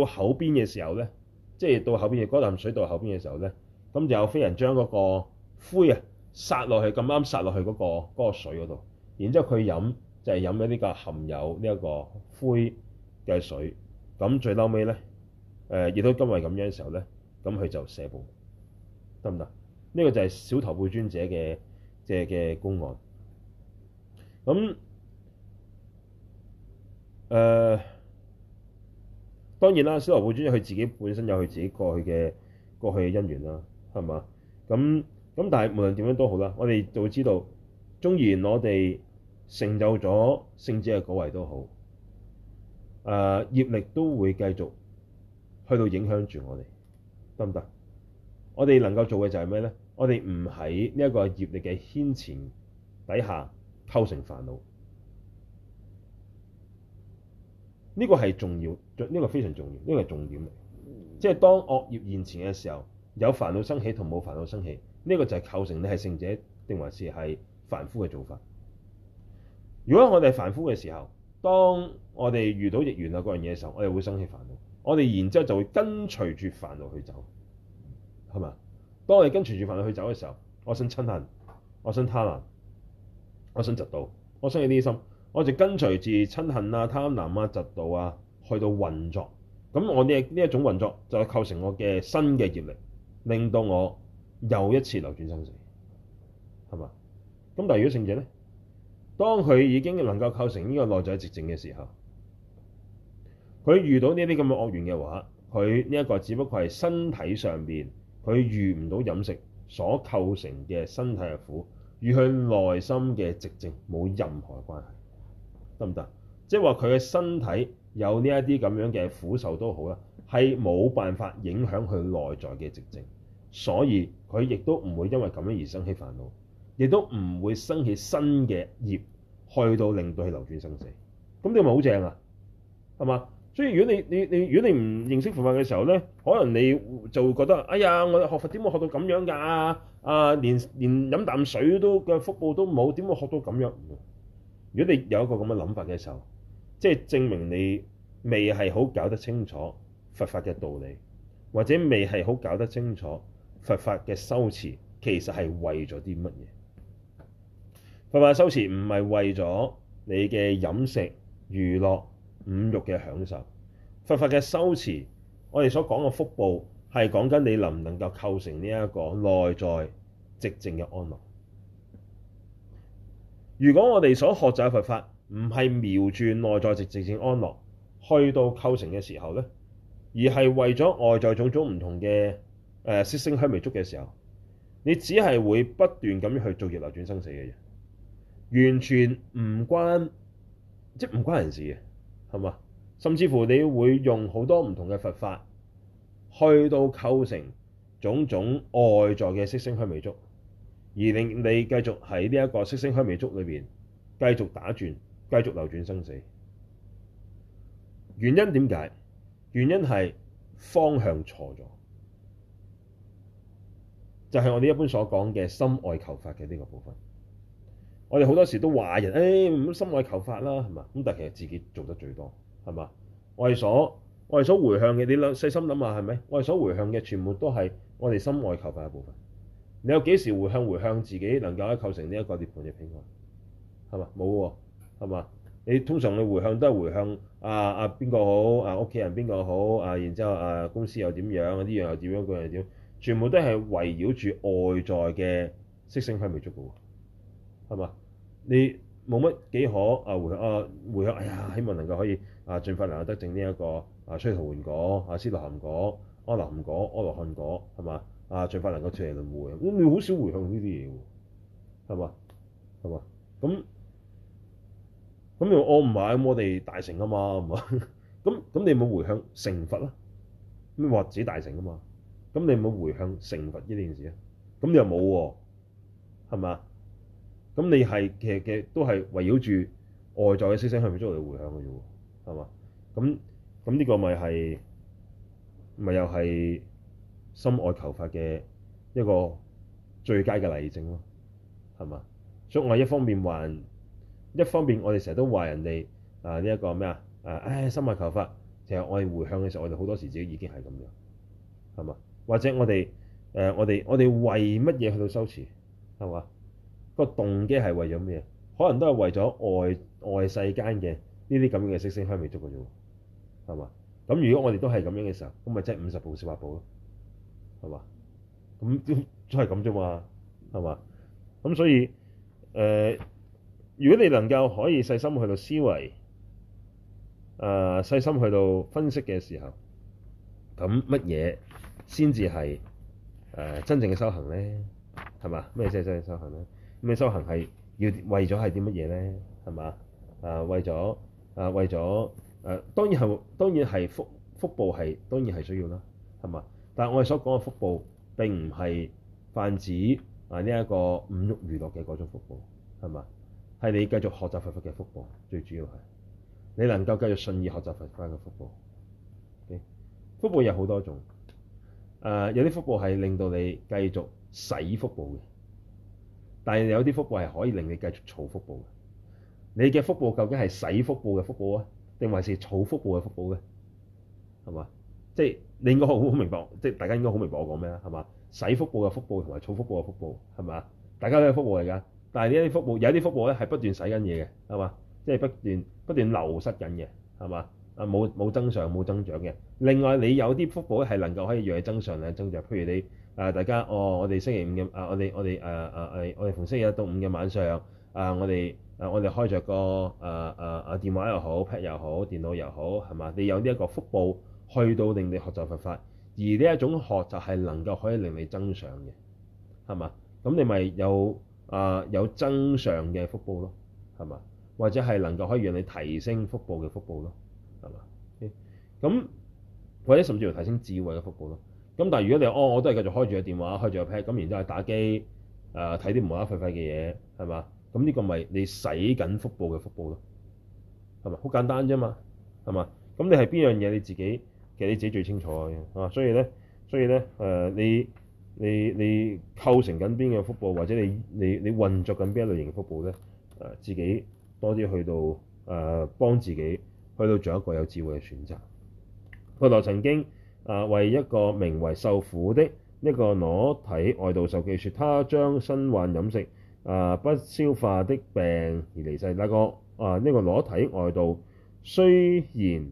到口邊嘅時候咧，即係到口邊嘅嗰啖水到口邊嘅時候咧，咁就有非人將嗰個灰啊撒落去、那個，咁啱撒落去嗰個水嗰度，然之後佢飲。就係飲咗呢個含有呢一個灰嘅水，咁最嬲尾咧，誒、呃、亦都因為咁樣嘅時候咧，咁佢就捨報，得唔得？呢、這個就係小頭背尊者嘅嘅嘅公案。咁誒、呃、當然啦，小頭背尊者佢自己本身有佢自己過去嘅過去嘅因緣啦，係嘛？咁咁但係無論點樣都好啦，我哋就會知道，縱然我哋成就咗聖者嘅果位都好，誒、呃、業力都會繼續去到影響住我哋，得唔得？我哋能夠做嘅就係咩咧？我哋唔喺呢一個業力嘅牽纏底下構成煩惱，呢、這個係重要，呢、這個非常重要，呢、這個係重點嚟。即係當惡業現前嘅時候，有煩惱生起同冇煩惱生起，呢、這個就係構成你係聖者定還是係凡夫嘅做法。如果我哋係凡夫嘅時候，當我哋遇到逆緣啊嗰樣嘢嘅時候，我哋會生起煩惱，我哋然之後就會跟隨住煩惱去走，係咪啊？當我哋跟隨住煩惱去走嘅時候，我想嗔恨，我想貪婪，我想嫉妒，我信呢啲心，我哋跟隨住嗔恨啊、貪婪啊、嫉妒啊去到運作，咁我呢呢一種運作就構成我嘅新嘅業力，令到我又一次流轉生死，係咪啊？咁但係如果聖者咧？當佢已經能夠構成呢個內在直症嘅時候，佢遇到呢啲咁嘅惡緣嘅話，佢呢一個只不過係身體上邊佢遇唔到飲食所構成嘅身體嘅苦，與佢內心嘅直症冇任何關係，得唔得？即係話佢嘅身體有呢一啲咁樣嘅苦受都好啦，係冇辦法影響佢內在嘅直症，所以佢亦都唔會因為咁樣而生起煩惱。亦都唔會生起新嘅業，去到令到佢流轉生死，咁你咪好正啊，係嘛？所以如果你你你如果你唔認識佛法嘅時候咧，可能你就會覺得，哎呀，我哋學佛點解學到咁樣㗎？啊，連連飲啖水都嘅福報都冇，點解學到咁樣？如果你有一個咁嘅諗法嘅時候，即係證明你未係好搞得清楚佛法嘅道理，或者未係好搞得清楚佛法嘅修持其實係為咗啲乜嘢？佛法修持唔係為咗你嘅飲食、娛樂、五慾嘅享受。佛法嘅修持，我哋所講嘅福報係講緊你能唔能夠構成呢一個內在寂靜嘅安樂。如果我哋所學習嘅佛法唔係瞄住內在寂靜性安樂去到構成嘅時候呢，而係為咗外在種種唔同嘅誒色聲香味觸嘅時候，你只係會不斷咁樣去做業流轉生死嘅嘢。完全唔關，即唔關人事嘅，係嘛？甚至乎你會用好多唔同嘅佛法，去到構成種種外在嘅色聲香味觸，而令你繼續喺呢一個色聲香味觸裏邊繼續打轉，繼續流轉生死。原因點解？原因係方向錯咗，就係、是、我哋一般所講嘅心外求法嘅呢個部分。我哋好多時都話人，誒、哎、唔心外求法啦，係嘛咁？但係其實自己做得最多係嘛？我哋所我哋所回向嘅，你兩細心諗下係咪？我哋所回向嘅全部都係我哋心外求法嘅部分。你有幾時回向回向自己能夠去構成呢一個涅盤嘅平安？係嘛？冇喎、啊，係嘛？你通常你回向都係回向啊啊邊個好啊屋企人邊個好啊，然之後啊公司又點樣呢啲樣又點樣，嗰樣點，全部都係圍繞住外在嘅色聲香味觸嘅係嘛？你冇乜幾可啊？回啊回向，哎、啊、呀！希望能夠可以啊，盡快能夠得證呢一個啊，須陀洹果啊，斯陀含果、阿那含果、阿羅漢果係嘛？啊，盡快、啊啊啊、能夠出嚟輪迴，咁、啊、你好少回向呢啲嘢喎，係、啊、嘛？係嘛？咁咁又我唔係，我哋大乘啊嘛，係嘛？咁咁你冇回向成佛啦？你話自己大乘啊嘛？咁你冇回向成佛呢件事啊？咁又冇喎，係嘛？咁你係其實嘅都係圍繞住外在嘅星星，係咪即係我哋回向嘅啫喎，係嘛？咁咁呢個咪係咪又係心愛求法嘅一個最佳嘅例證咯，係嘛？所以我一方面話，一方面我哋成日都話人哋啊呢一、個咩啊啊唉心愛求法，其實我哋回向嘅時候，我哋好多時自己已經係咁樣，係嘛？或者我哋誒、呃、我哋我哋為乜嘢去到修持，係嘛？個動機係為咗咩？可能都係為咗外外世間嘅呢啲咁嘅色聲香味觸嘅啫喎，係嘛？咁如果我哋都係咁樣嘅時候，咁咪即係五十步笑百步咯，係嘛？咁都都係咁啫嘛，係嘛？咁所以誒、呃，如果你能夠可以細心去到思維，啊、呃，細心去到分析嘅時候，咁乜嘢先至係誒真正嘅修行咧？係嘛？咩先係真正修行咧？咩修行係要為咗係啲乜嘢咧？係嘛？啊，為咗啊，為咗誒、啊，當然係當然係福福報係當然係需要啦，係嘛？但係我哋所講嘅福報並唔係泛指啊呢一、這個五慾娛樂嘅嗰種福報，係嘛？係你繼續學習佛法嘅福報，最主要係你能夠繼續順意學習佛法嘅福報。Okay? 福報有好多種，誒、啊、有啲福報係令到你繼續使福報嘅。但係有啲福報係可以令你繼續儲福報嘅。你嘅福報究竟係使福報嘅福報啊，定還是儲福報嘅福報嘅？係嘛？即係你應該好好明白，即係大家應該好明白我講咩啊？係嘛？使福報嘅福報同埋儲福報嘅福報，係嘛？大家都係福報嚟噶。但係呢啲福報，有啲福報咧係不斷洗緊嘢嘅，係嘛？即係不斷不斷流失緊嘅，係嘛？啊，冇冇增上冇增長嘅。另外你有啲福報咧係能夠可以讓你增上咧增長，譬如你。誒大家，哦，我哋星期五嘅，啊，我哋我哋誒誒誒，我哋逢、啊、星期一到五嘅晚上，啊，我哋，啊，我哋開着個，誒誒誒電話又好，pad 又好，電腦又好，係嘛？你有呢一個福報，去到令你學習佛法，而呢一種學習係能夠可以令你增上嘅，係嘛？咁你咪有，啊，有增上嘅福報咯，係嘛？或者係能夠可以讓你提升福報嘅福報咯，係嘛？咁、okay? 或者甚至乎提升智慧嘅福報咯。咁但係如果你哦，我都係繼續開住個電話，開住、呃、個 pad，咁然之後打機，誒睇啲無啦廢廢嘅嘢，係嘛？咁呢個咪你使緊福報嘅福報咯，係咪？好簡單啫嘛，係嘛？咁你係邊樣嘢你自己其實你自己最清楚嘅啊，所以咧，所以咧，誒、呃、你你你構成緊邊嘅福報，或者你你你運作緊邊一類型嘅福報咧，誒、呃、自己多啲去到誒、呃、幫自己，去到做一個有智慧嘅選擇。佛陀曾經。啊，為一個名為受苦的呢、這個裸體外道授記説，他將身患飲食啊不消化的病而離世。那個啊呢、這個裸體外道雖然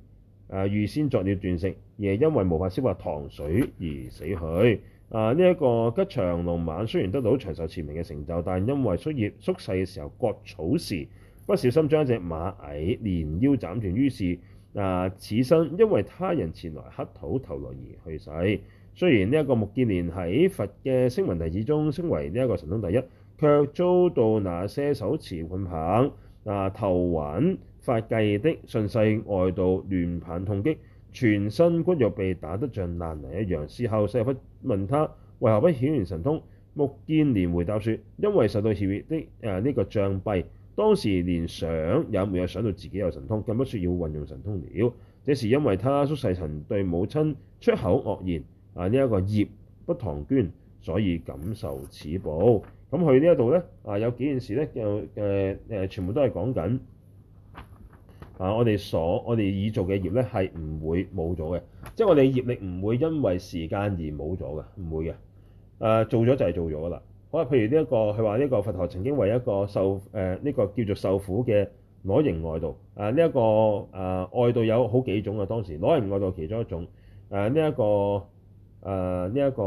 啊預先作了斷食，亦因為無法消化糖水而死去。啊呢一、這個吉祥龍猛雖然得到長壽持明嘅成就，但因為宿業宿世嘅時候割草時不小心將一隻螞蟻連腰斬斷，於是。嗱，此生因為他人前來乞討頭顱而去世。雖然呢一個目犍連喺佛嘅聲聞弟子中稱為呢一個神通第一，卻遭到那些手持棍棒、嗱頭挽髮髻的順世外道亂棒痛擊，全身骨肉被打得像爛泥一樣。事後舍利弗問他為何不顯然神通，目犍連回答說：因為受到業力的誒呢、呃這個障蔽。當時連想也沒有想到自己有神通，更不說要運用神通了。這是因為他宿世曾對母親出口惡言啊，呢、這、一個業不唐捐，所以感受此報。咁佢呢一度呢，啊，有幾件事呢？又誒誒，全部都係講緊啊，我哋所我哋已做嘅業呢，係唔會冇咗嘅，即係我哋業力唔會因為時間而冇咗嘅，唔會嘅。誒、呃、做咗就係做咗噶啦。好啊，譬如呢、這、一個，佢話呢個佛陀曾經為一個受誒呢、呃這個叫做受苦嘅裸形外道啊，呢、呃、一、這個啊、呃、外道有好幾種啊，當時裸形外道其中一種誒呢一個誒呢一個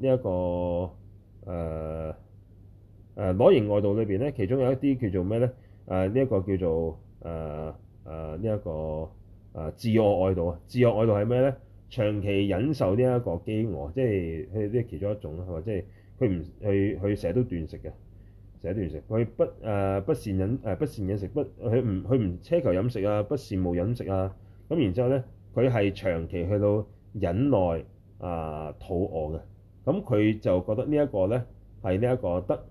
呢一、這個誒誒裸形外道裏邊咧，其中有一啲叫做咩咧？誒呢一個叫做誒誒呢一個誒自我外道啊，自我外道係咩咧？長期忍受呢一個飢餓，即係佢呢其中一種啦，係咪即係？佢唔，佢佢成日都斷食嘅，成日都斷食。佢不誒不善飲誒不善飲食，不佢唔佢唔奢求飲食啊，不羨慕飲食啊。咁然之後咧，佢係長期去到忍耐啊、呃、肚餓嘅。咁佢就覺得呢一個咧係呢一個得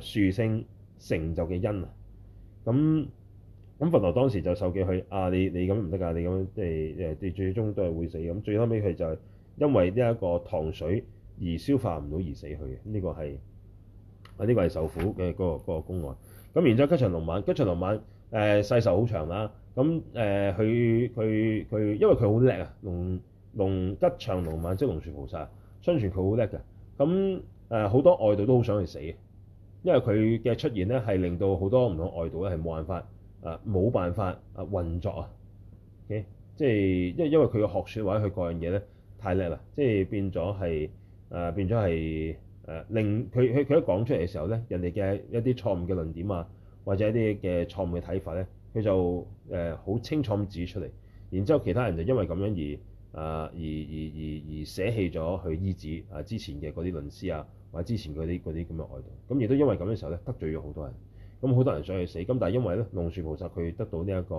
誒樹性成就嘅因啊。咁咁佛陀當時就授記佢啊，你你咁唔得㗎，你咁樣即係誒，最最終都係會死。咁最後尾，佢就係因為呢一個糖水。而消化唔到而死去嘅，呢、這個係，啊、這、呢個係受苦嘅嗰、那個嗰、那個公案。咁然之後吉祥龍猛，吉祥龍猛誒世壽好長啊！咁誒佢佢佢，因為佢好叻啊，龍龍吉祥龍猛即係龍樹菩薩，相傳佢好叻嘅。咁誒好多外道都好想去死嘅，因為佢嘅出現咧係令到好多唔同外道咧係冇辦法啊冇、呃、辦法啊運、呃、作啊、okay?。即係因因為佢嘅學説或者佢嗰樣嘢咧太叻啦，即係變咗係。誒、呃、變咗係誒令佢佢佢一講出嚟嘅時候咧，人哋嘅一啲錯誤嘅論點啊，或者一啲嘅錯誤嘅睇法咧，佢就誒好、呃、清楚咁指出嚟，然之後其他人就因為咁樣而啊、呃、而而而而捨棄咗去依止啊之前嘅嗰啲論師啊，或者之前嗰啲啲咁嘅外道，咁亦都因為咁嘅時候咧得罪咗好多人，咁好多人想去死，咁但係因為咧龍樹菩薩佢得到呢、這、一個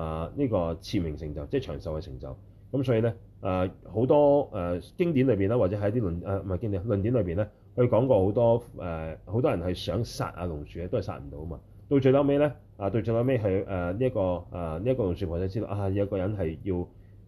啊呢、呃這個持明成就，即係長壽嘅成就。咁所以咧，誒好多誒、呃、經典裏邊咧，或者喺啲論誒唔係經典論典裏邊咧，佢講過好多誒，好、呃、多人係想殺阿龍樹咧，都係殺唔到啊嘛。到最後尾咧，啊，到最後尾係誒呢一個誒呢一個龍樹婆子知道啊，有個人係要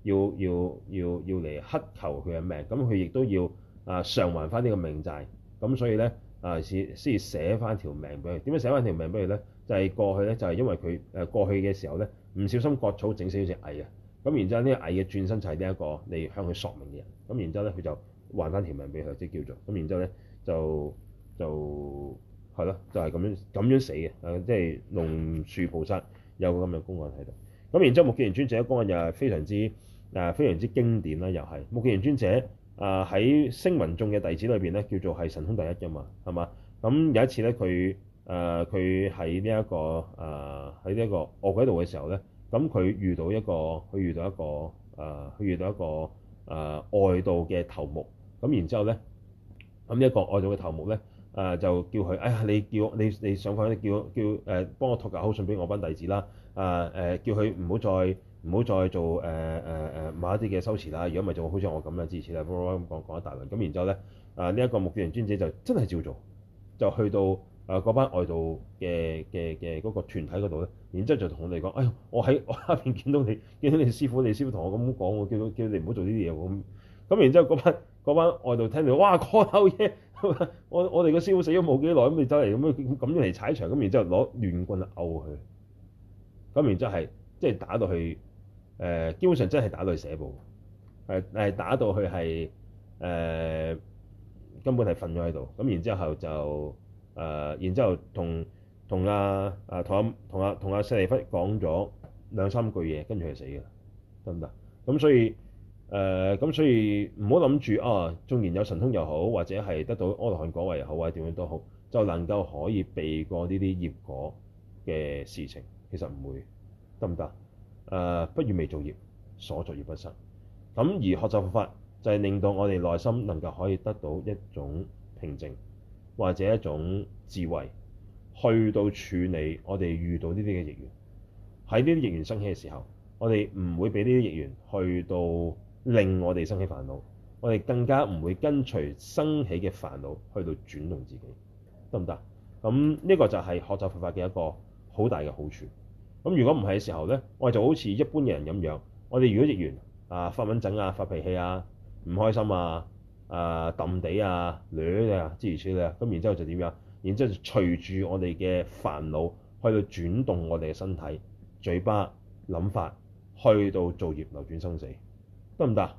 要要要要嚟乞求佢嘅命，咁佢亦都要啊償還翻呢個命債。咁所以咧啊，先先要寫翻條命俾佢。點解寫翻條命俾佢咧？就係、是、過去咧，就係、是、因為佢誒過去嘅時候咧，唔小心割草整死咗隻蟻啊。咁然之後，呢個矮嘅轉身就係呢一個，你向佢索命嘅人。咁然之後咧，佢就還翻條命俾佢，即叫做。咁然之後咧，就就係咯，就係咁、就係、樣咁樣死嘅。誒，即係龍樹菩薩有咁嘅公案喺度。咁然之後，目犍連尊者嘅公案又係非常之誒、啊，非常之經典啦，又係目犍連尊者誒喺聲聞眾嘅弟子裏邊咧，叫做係神通第一㗎嘛，係嘛？咁有一次咧，佢誒佢喺呢一個誒喺呢一個惡鬼道嘅時候咧。咁佢遇到一個，佢遇到一個，誒、呃，佢遇到一個誒、呃呃、外道嘅頭目，咁然之後咧，咁呢一個外道嘅頭目咧，誒就叫佢，哎呀，你叫你你上翻去叫叫誒、呃，幫我託個口信俾我班弟子啦，誒、呃、誒、呃，叫佢唔好再唔好再做誒誒誒某啲嘅修辭啦，如果唔係就好似我咁樣支持啦，咁講講一大輪，咁、嗯、然之後咧，啊呢一個目犍連尊者就真係照做，就去到。誒嗰、呃、班外道嘅嘅嘅嗰個團體嗰度咧，然之後就同我哋講，哎，我喺我下邊見到你，見到你師傅，你師傅同我咁講，我叫叫你唔好做呢啲嘢喎。咁、嗯、咁，然之後嗰班班外道聽到，哇，嗰嚿嘢，我我哋個師傅死咗冇幾耐，咁、嗯、你走嚟咁樣咁樣嚟踩場，咁然之後攞亂棍嚟毆佢，咁然之後係即係打到去誒、呃，基本上真係打到去社部，誒誒打到去係誒根本係瞓咗喺度，咁然之後就。誒，然之後同同阿阿同阿同阿同阿舍利弗講咗兩三句嘢，跟住佢就死嘅，得唔得？咁所以誒，咁所以唔好諗住啊，縱然有神通又好，或者係得到阿羅漢果位又好，或者點樣都好，就能夠可以避過呢啲業果嘅事情，其實唔會，得唔得？誒，不遇未造業，所作業不失。咁而學習佛法就係令到我哋內心能夠可以得到一種平靜。或者一種智慧去到處理我哋遇到呢啲嘅逆緣，喺呢啲逆緣生起嘅時候，我哋唔會俾呢啲逆緣去到令我哋生起煩惱，我哋更加唔會跟隨生起嘅煩惱去到轉動自己，得唔得？咁呢個就係學習佛法嘅一個好大嘅好處。咁如果唔係嘅時候呢，我哋就好似一般嘅人噉樣，我哋如果逆緣啊，發矛憎啊，發脾氣啊，唔開心啊。啊，揼、呃、地啊，掠啊，諸如此類啊，咁然之後就點樣？然之後就隨住我哋嘅煩惱，去到轉動我哋嘅身體、嘴巴、諗法，去到造業流、流轉生死，得唔得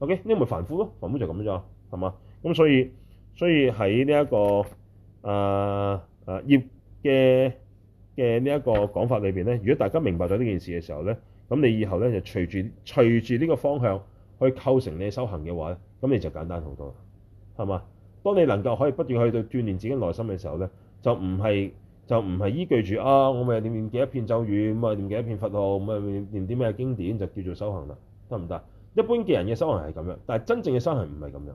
？OK，呢個咪凡夫咯，凡夫就咁啫，係嘛？咁所以所以喺呢一個啊啊、呃呃、業嘅嘅呢一個講法裏邊咧，如果大家明白咗呢件事嘅時候咧，咁你以後咧就隨住隨住呢個方向去構成你修行嘅話咧，咁你就簡單好多啦，係嘛？當你能夠可以不斷去到鍛鍊自己內心嘅時候咧，就唔係就唔係依據住啊，我咪念念記一片咒語，咁啊念記一片佛號，咁啊念念啲咩經典就叫做修行啦，得唔得？一般嘅人嘅修行係咁樣，但係真正嘅修行唔係咁樣。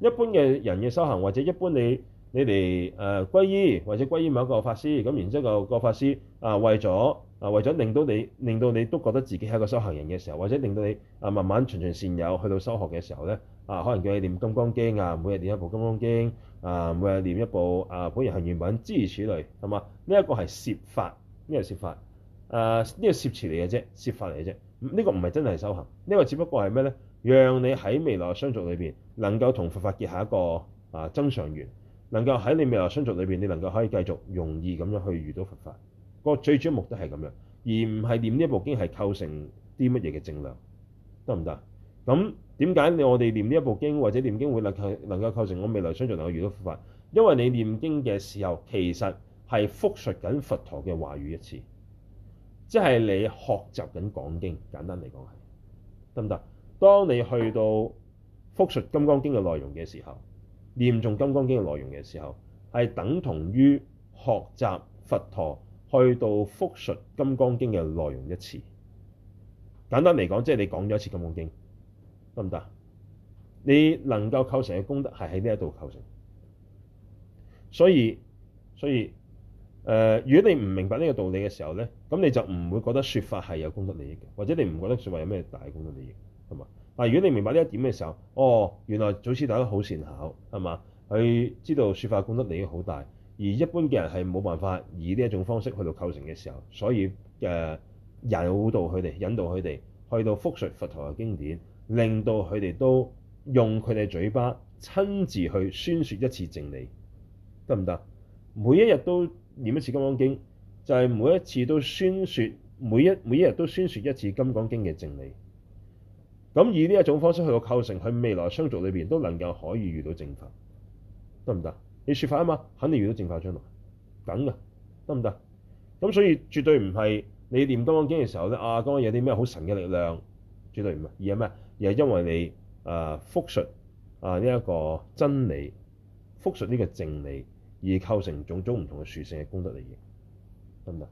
一般嘅人嘅修行或者一般你你哋誒皈依或者皈依某一個法師，咁然之後個法師啊、呃、為咗啊、呃、為咗令到你令到你都覺得自己係一個修行人嘅時候，或者令到你啊慢慢循循善誘去到修學嘅時候咧。呢呢啊，可能叫你念《金剛經》啊，每日念一部《金剛經》，啊，每日念一部啊，本願行願品諸如此類，係嘛？呢一個係攝法，咩叫攝法？啊，呢個攝持嚟嘅啫，攝法嚟嘅啫。呢、這個唔係真係修行，呢、這個只不過係咩咧？讓你喺未來相續裏邊能夠同佛法結合一個啊增上緣，能夠喺你未來相續裏邊，你能夠可以繼續容易咁樣去遇到佛法。個最主要目的係咁樣，而唔係念呢一部經係構成啲乜嘢嘅正量，得唔得？咁。點解你我哋念呢一部經或者念經會能去能夠構成我未來將來能夠遇到佛法？因為你念經嘅時候，其實係復述緊佛陀嘅話語一次，即係你學習緊講經。簡單嚟講，係得唔得？當你去到復述《金剛經》嘅內容嘅時候，念誦《金剛經》嘅內容嘅時候，係等同於學習佛陀去到復述《金剛經》嘅內容一次。簡單嚟講，即係你講咗一次《金剛經》。得唔得？你能夠構成嘅功德係喺呢一度構成，所以所以誒、呃，如果你唔明白呢個道理嘅時候咧，咁你就唔會覺得説法係有功德利益嘅，或者你唔覺得説法有咩大功德利益，係嘛？但係如果你明白呢一點嘅時候，哦，原來祖師大家好善巧，係嘛？佢知道説法功德利益好大，而一般嘅人係冇辦法以呢一種方式去到構成嘅時候，所以誒、呃，誘導佢哋、引導佢哋去到復述佛陀嘅經典。令到佢哋都用佢哋嘴巴親自去宣説一次正理，得唔得？每一日都念一次《金剛經》，就係、是、每一次都宣説，每一每一日都宣説一次《金剛經》嘅正理。咁以呢一種方式去到構成，佢未來相續裏邊都能夠可以遇到正法，得唔得？你説法啊嘛，肯定遇到正法出嚟，等噶，得唔得？咁所以絕對唔係你念《金剛經》嘅時候咧，阿、啊、今日有啲咩好神嘅力量？絕對唔係，而係咩？而係因為你啊復述啊呢一個真理，復述呢個正理，而構成種種唔同嘅殊勝嘅功德利益，係咪？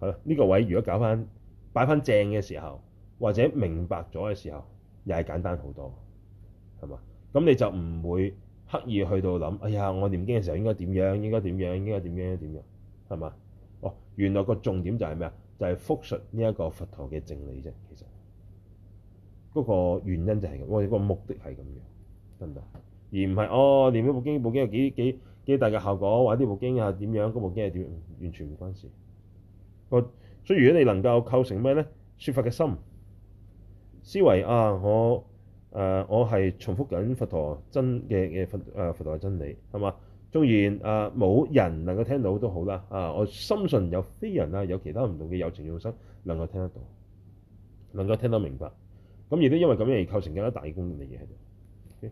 係咯，呢、這個位如果搞翻擺翻正嘅時候，或者明白咗嘅時候，又係簡單好多，係嘛？咁你就唔會刻意去到諗，哎呀，我念經嘅時候應該點樣？應該點樣？應該點樣？點樣？係嘛？哦，原來個重點就係咩啊？就係復述呢一個佛陀嘅正理啫，其實。嗰個原因就係嘅，我、那、哋個目的係咁樣，真㗎，而唔係哦念呢部經，部經有幾幾幾大嘅效果，或者呢部經係點樣，嗰部經係點，完全唔關事。個所以，如果你能夠構成咩咧？說法嘅心、思維啊，我誒、呃、我係重複緊佛陀真嘅嘅佛誒佛陀嘅真理係嘛？縱然啊，冇、呃、人能夠聽到都好啦啊，我深信有非人啊，有其他唔同嘅有情有心，能夠聽得到，能夠聽得明白。咁亦都因為咁樣而構成更加大嘅功能嘅嘢嚟。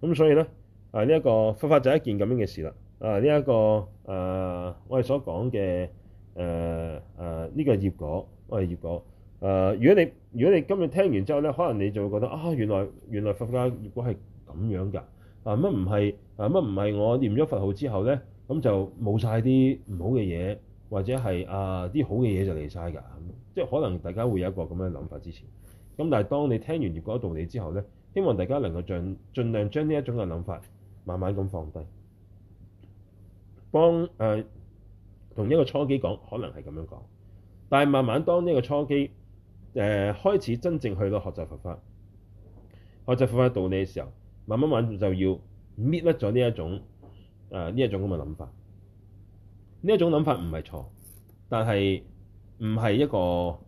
咁、okay? 所以咧，啊呢一、這個佛法就一件咁樣嘅事啦。啊呢一、這個誒、啊、我哋所講嘅誒誒呢個業果，我係業果。誒如果你如果你今日聽完之後咧，可能你就會覺得啊原來原來佛法，法業果係咁樣㗎。啊乜唔係啊乜唔係我念咗佛號之後咧，咁就冇晒啲唔好嘅嘢。或者係啊啲好嘅嘢就嚟晒㗎，即係可能大家會有一個咁嘅諗法之前。咁但係當你聽完業果道理之後咧，希望大家能夠盡盡量將呢一種嘅諗法慢慢咁放低，幫誒同一個初機講可能係咁樣講，但係慢慢當呢個初機誒、呃、開始真正去到學習佛法、學習佛法道理嘅時候，慢慢慢就要搣甩咗呢一種誒呢、呃、一種咁嘅諗法。呢一種諗法唔係錯，但係唔係一個誒、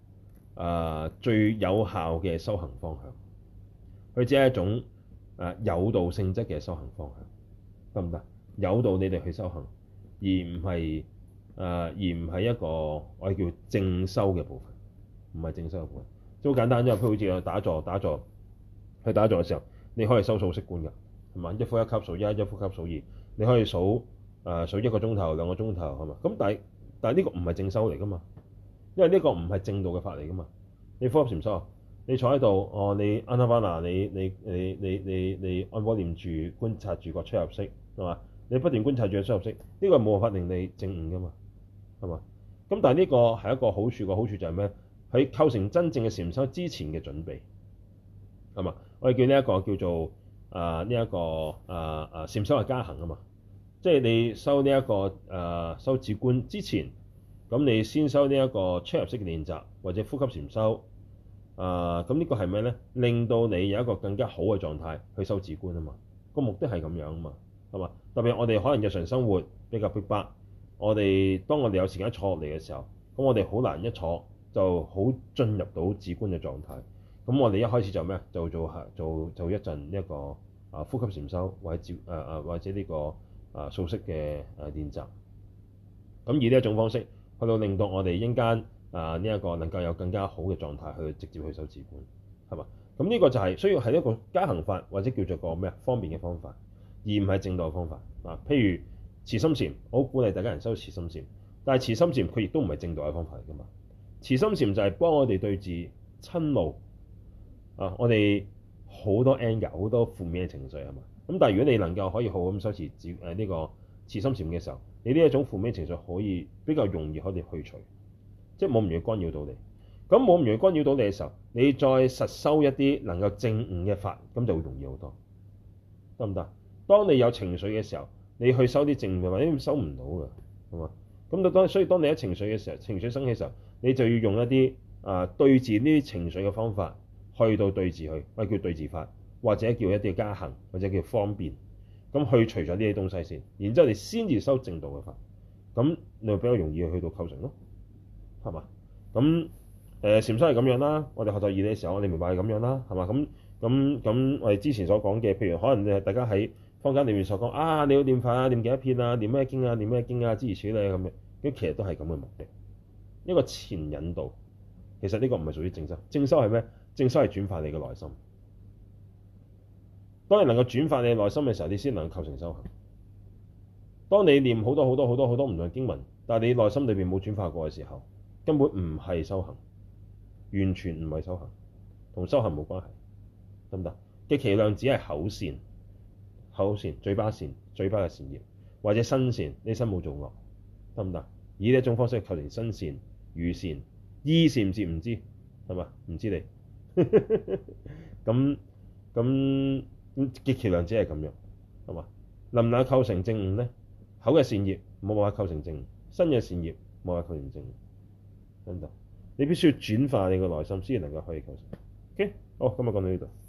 呃、最有效嘅修行方向。佢只係一種誒誘導性質嘅修行方向，得唔得？誘導你哋去修行，而唔係誒，而唔係一個我哋叫正修嘅部分，唔係正修嘅部分。即係好簡單，因為佢好似打坐，打坐去打坐嘅時候，你可以收數息觀㗎，係嘛？一呼一吸數一，一呼一吸數二，你可以數。誒，數、呃、一個鐘頭兩個鐘頭係嘛？咁但係但係呢個唔係正修嚟噶嘛？因為呢個唔係正道嘅法嚟噶嘛。你科禪修，你坐喺度，哦，你安那巴拿，你你你你你你安波念住觀察住個出入息，係嘛？你不斷觀察住個出入息，呢個係冇辦法令你證悟噶嘛係嘛？咁但係呢個係一個好處，嗰個好處就係咩？佢構成真正嘅禪修之前嘅準備係嘛？我哋叫呢、這、一個叫做誒呢一個誒誒、呃啊、禪修嘅加行啊嘛。即係你修呢、這、一個誒、呃、修止觀之前，咁你先修呢一個出入式嘅練習，或者呼吸禪修。啊、呃，咁呢個係咩咧？令到你有一個更加好嘅狀態去修止觀啊嘛，個目的係咁樣啊嘛，係嘛？特別我哋可能日常生活比較逼迫，我哋當我哋有時間坐落嚟嘅時候，咁我哋好難一坐就好進入到止觀嘅狀態。咁我哋一開始就咩？就做下做，做，做一陣呢、這、一個啊、呃、呼吸禪修，或者止誒誒，或者呢、這個。啊，數息嘅誒、啊、練習，咁以呢一種方式去到令到我哋應間啊呢一、這個能夠有更加好嘅狀態去直接去修持本，係嘛？咁、嗯、呢、這個就係、是、需要係一個加行法或者叫做個咩方便嘅方法，而唔係正道嘅方法啊。譬如慈心禪，我鼓勵大家人修慈心禪，但係慈心禪佢亦都唔係正道嘅方法嚟㗎嘛。慈心禪就係幫我哋對治親怒啊，我哋好多 anger 好多負面嘅情緒係嘛？咁但係如果你能夠可以好好咁修持自誒呢個慈心禪嘅時候，你呢一種負面情緒可以比較容易可以去除，即係冇咁容易干擾到你。咁冇咁容易干擾到你嘅時候，你再實修一啲能夠正悟嘅法，咁就會容易好多，得唔得？當你有情緒嘅時候，你去修啲正悟，或者修唔到㗎，係嘛？咁到當所以當你有情緒嘅時候，情緒生起嘅時候，你就要用一啲啊、呃、對治呢啲情緒嘅方法去到對治去，咪叫對治法。或者叫一啲加行，或者叫方便，咁去除咗呢啲東西先，然之後你先至修正道嘅法，咁你會比較容易去到構成咯，係嘛？咁誒，禪、呃、修係咁樣啦，我哋學習二理嘅時候，我哋明白係咁樣啦，係嘛？咁咁咁，我哋之前所講嘅，譬如可能誒大家喺坊間裏面所講啊，你要唸法啊，唸幾多遍啊，唸咩經啊，唸咩經啊諸如此類咁樣，咁其實都係咁嘅目的，一個前引導，其實呢個唔係屬於正修，正修係咩？正修係轉化你嘅內心。當你能夠轉化你內心嘅時候，你先能夠構成修行。當你念好多好多好多好多唔同嘅經文，但係你內心裏邊冇轉化過嘅時候，根本唔係修行，完全唔係修行，同修行冇關係，得唔得？極其量只係口善、口善、嘴巴善、嘴巴嘅善業，或者身善，呢身冇做惡，得唔得？以呢一種方式構成身善、語善、意善，唔知唔知係嘛？唔知你咁咁。極其量只係咁樣，好嘛？能唔能夠構成證悟咧？口嘅善業冇辦法構成證悟，身嘅善業冇辦法構成證悟。喺度，你必須要轉化你個內心，先能夠可以構成。OK，好，今日講到呢度。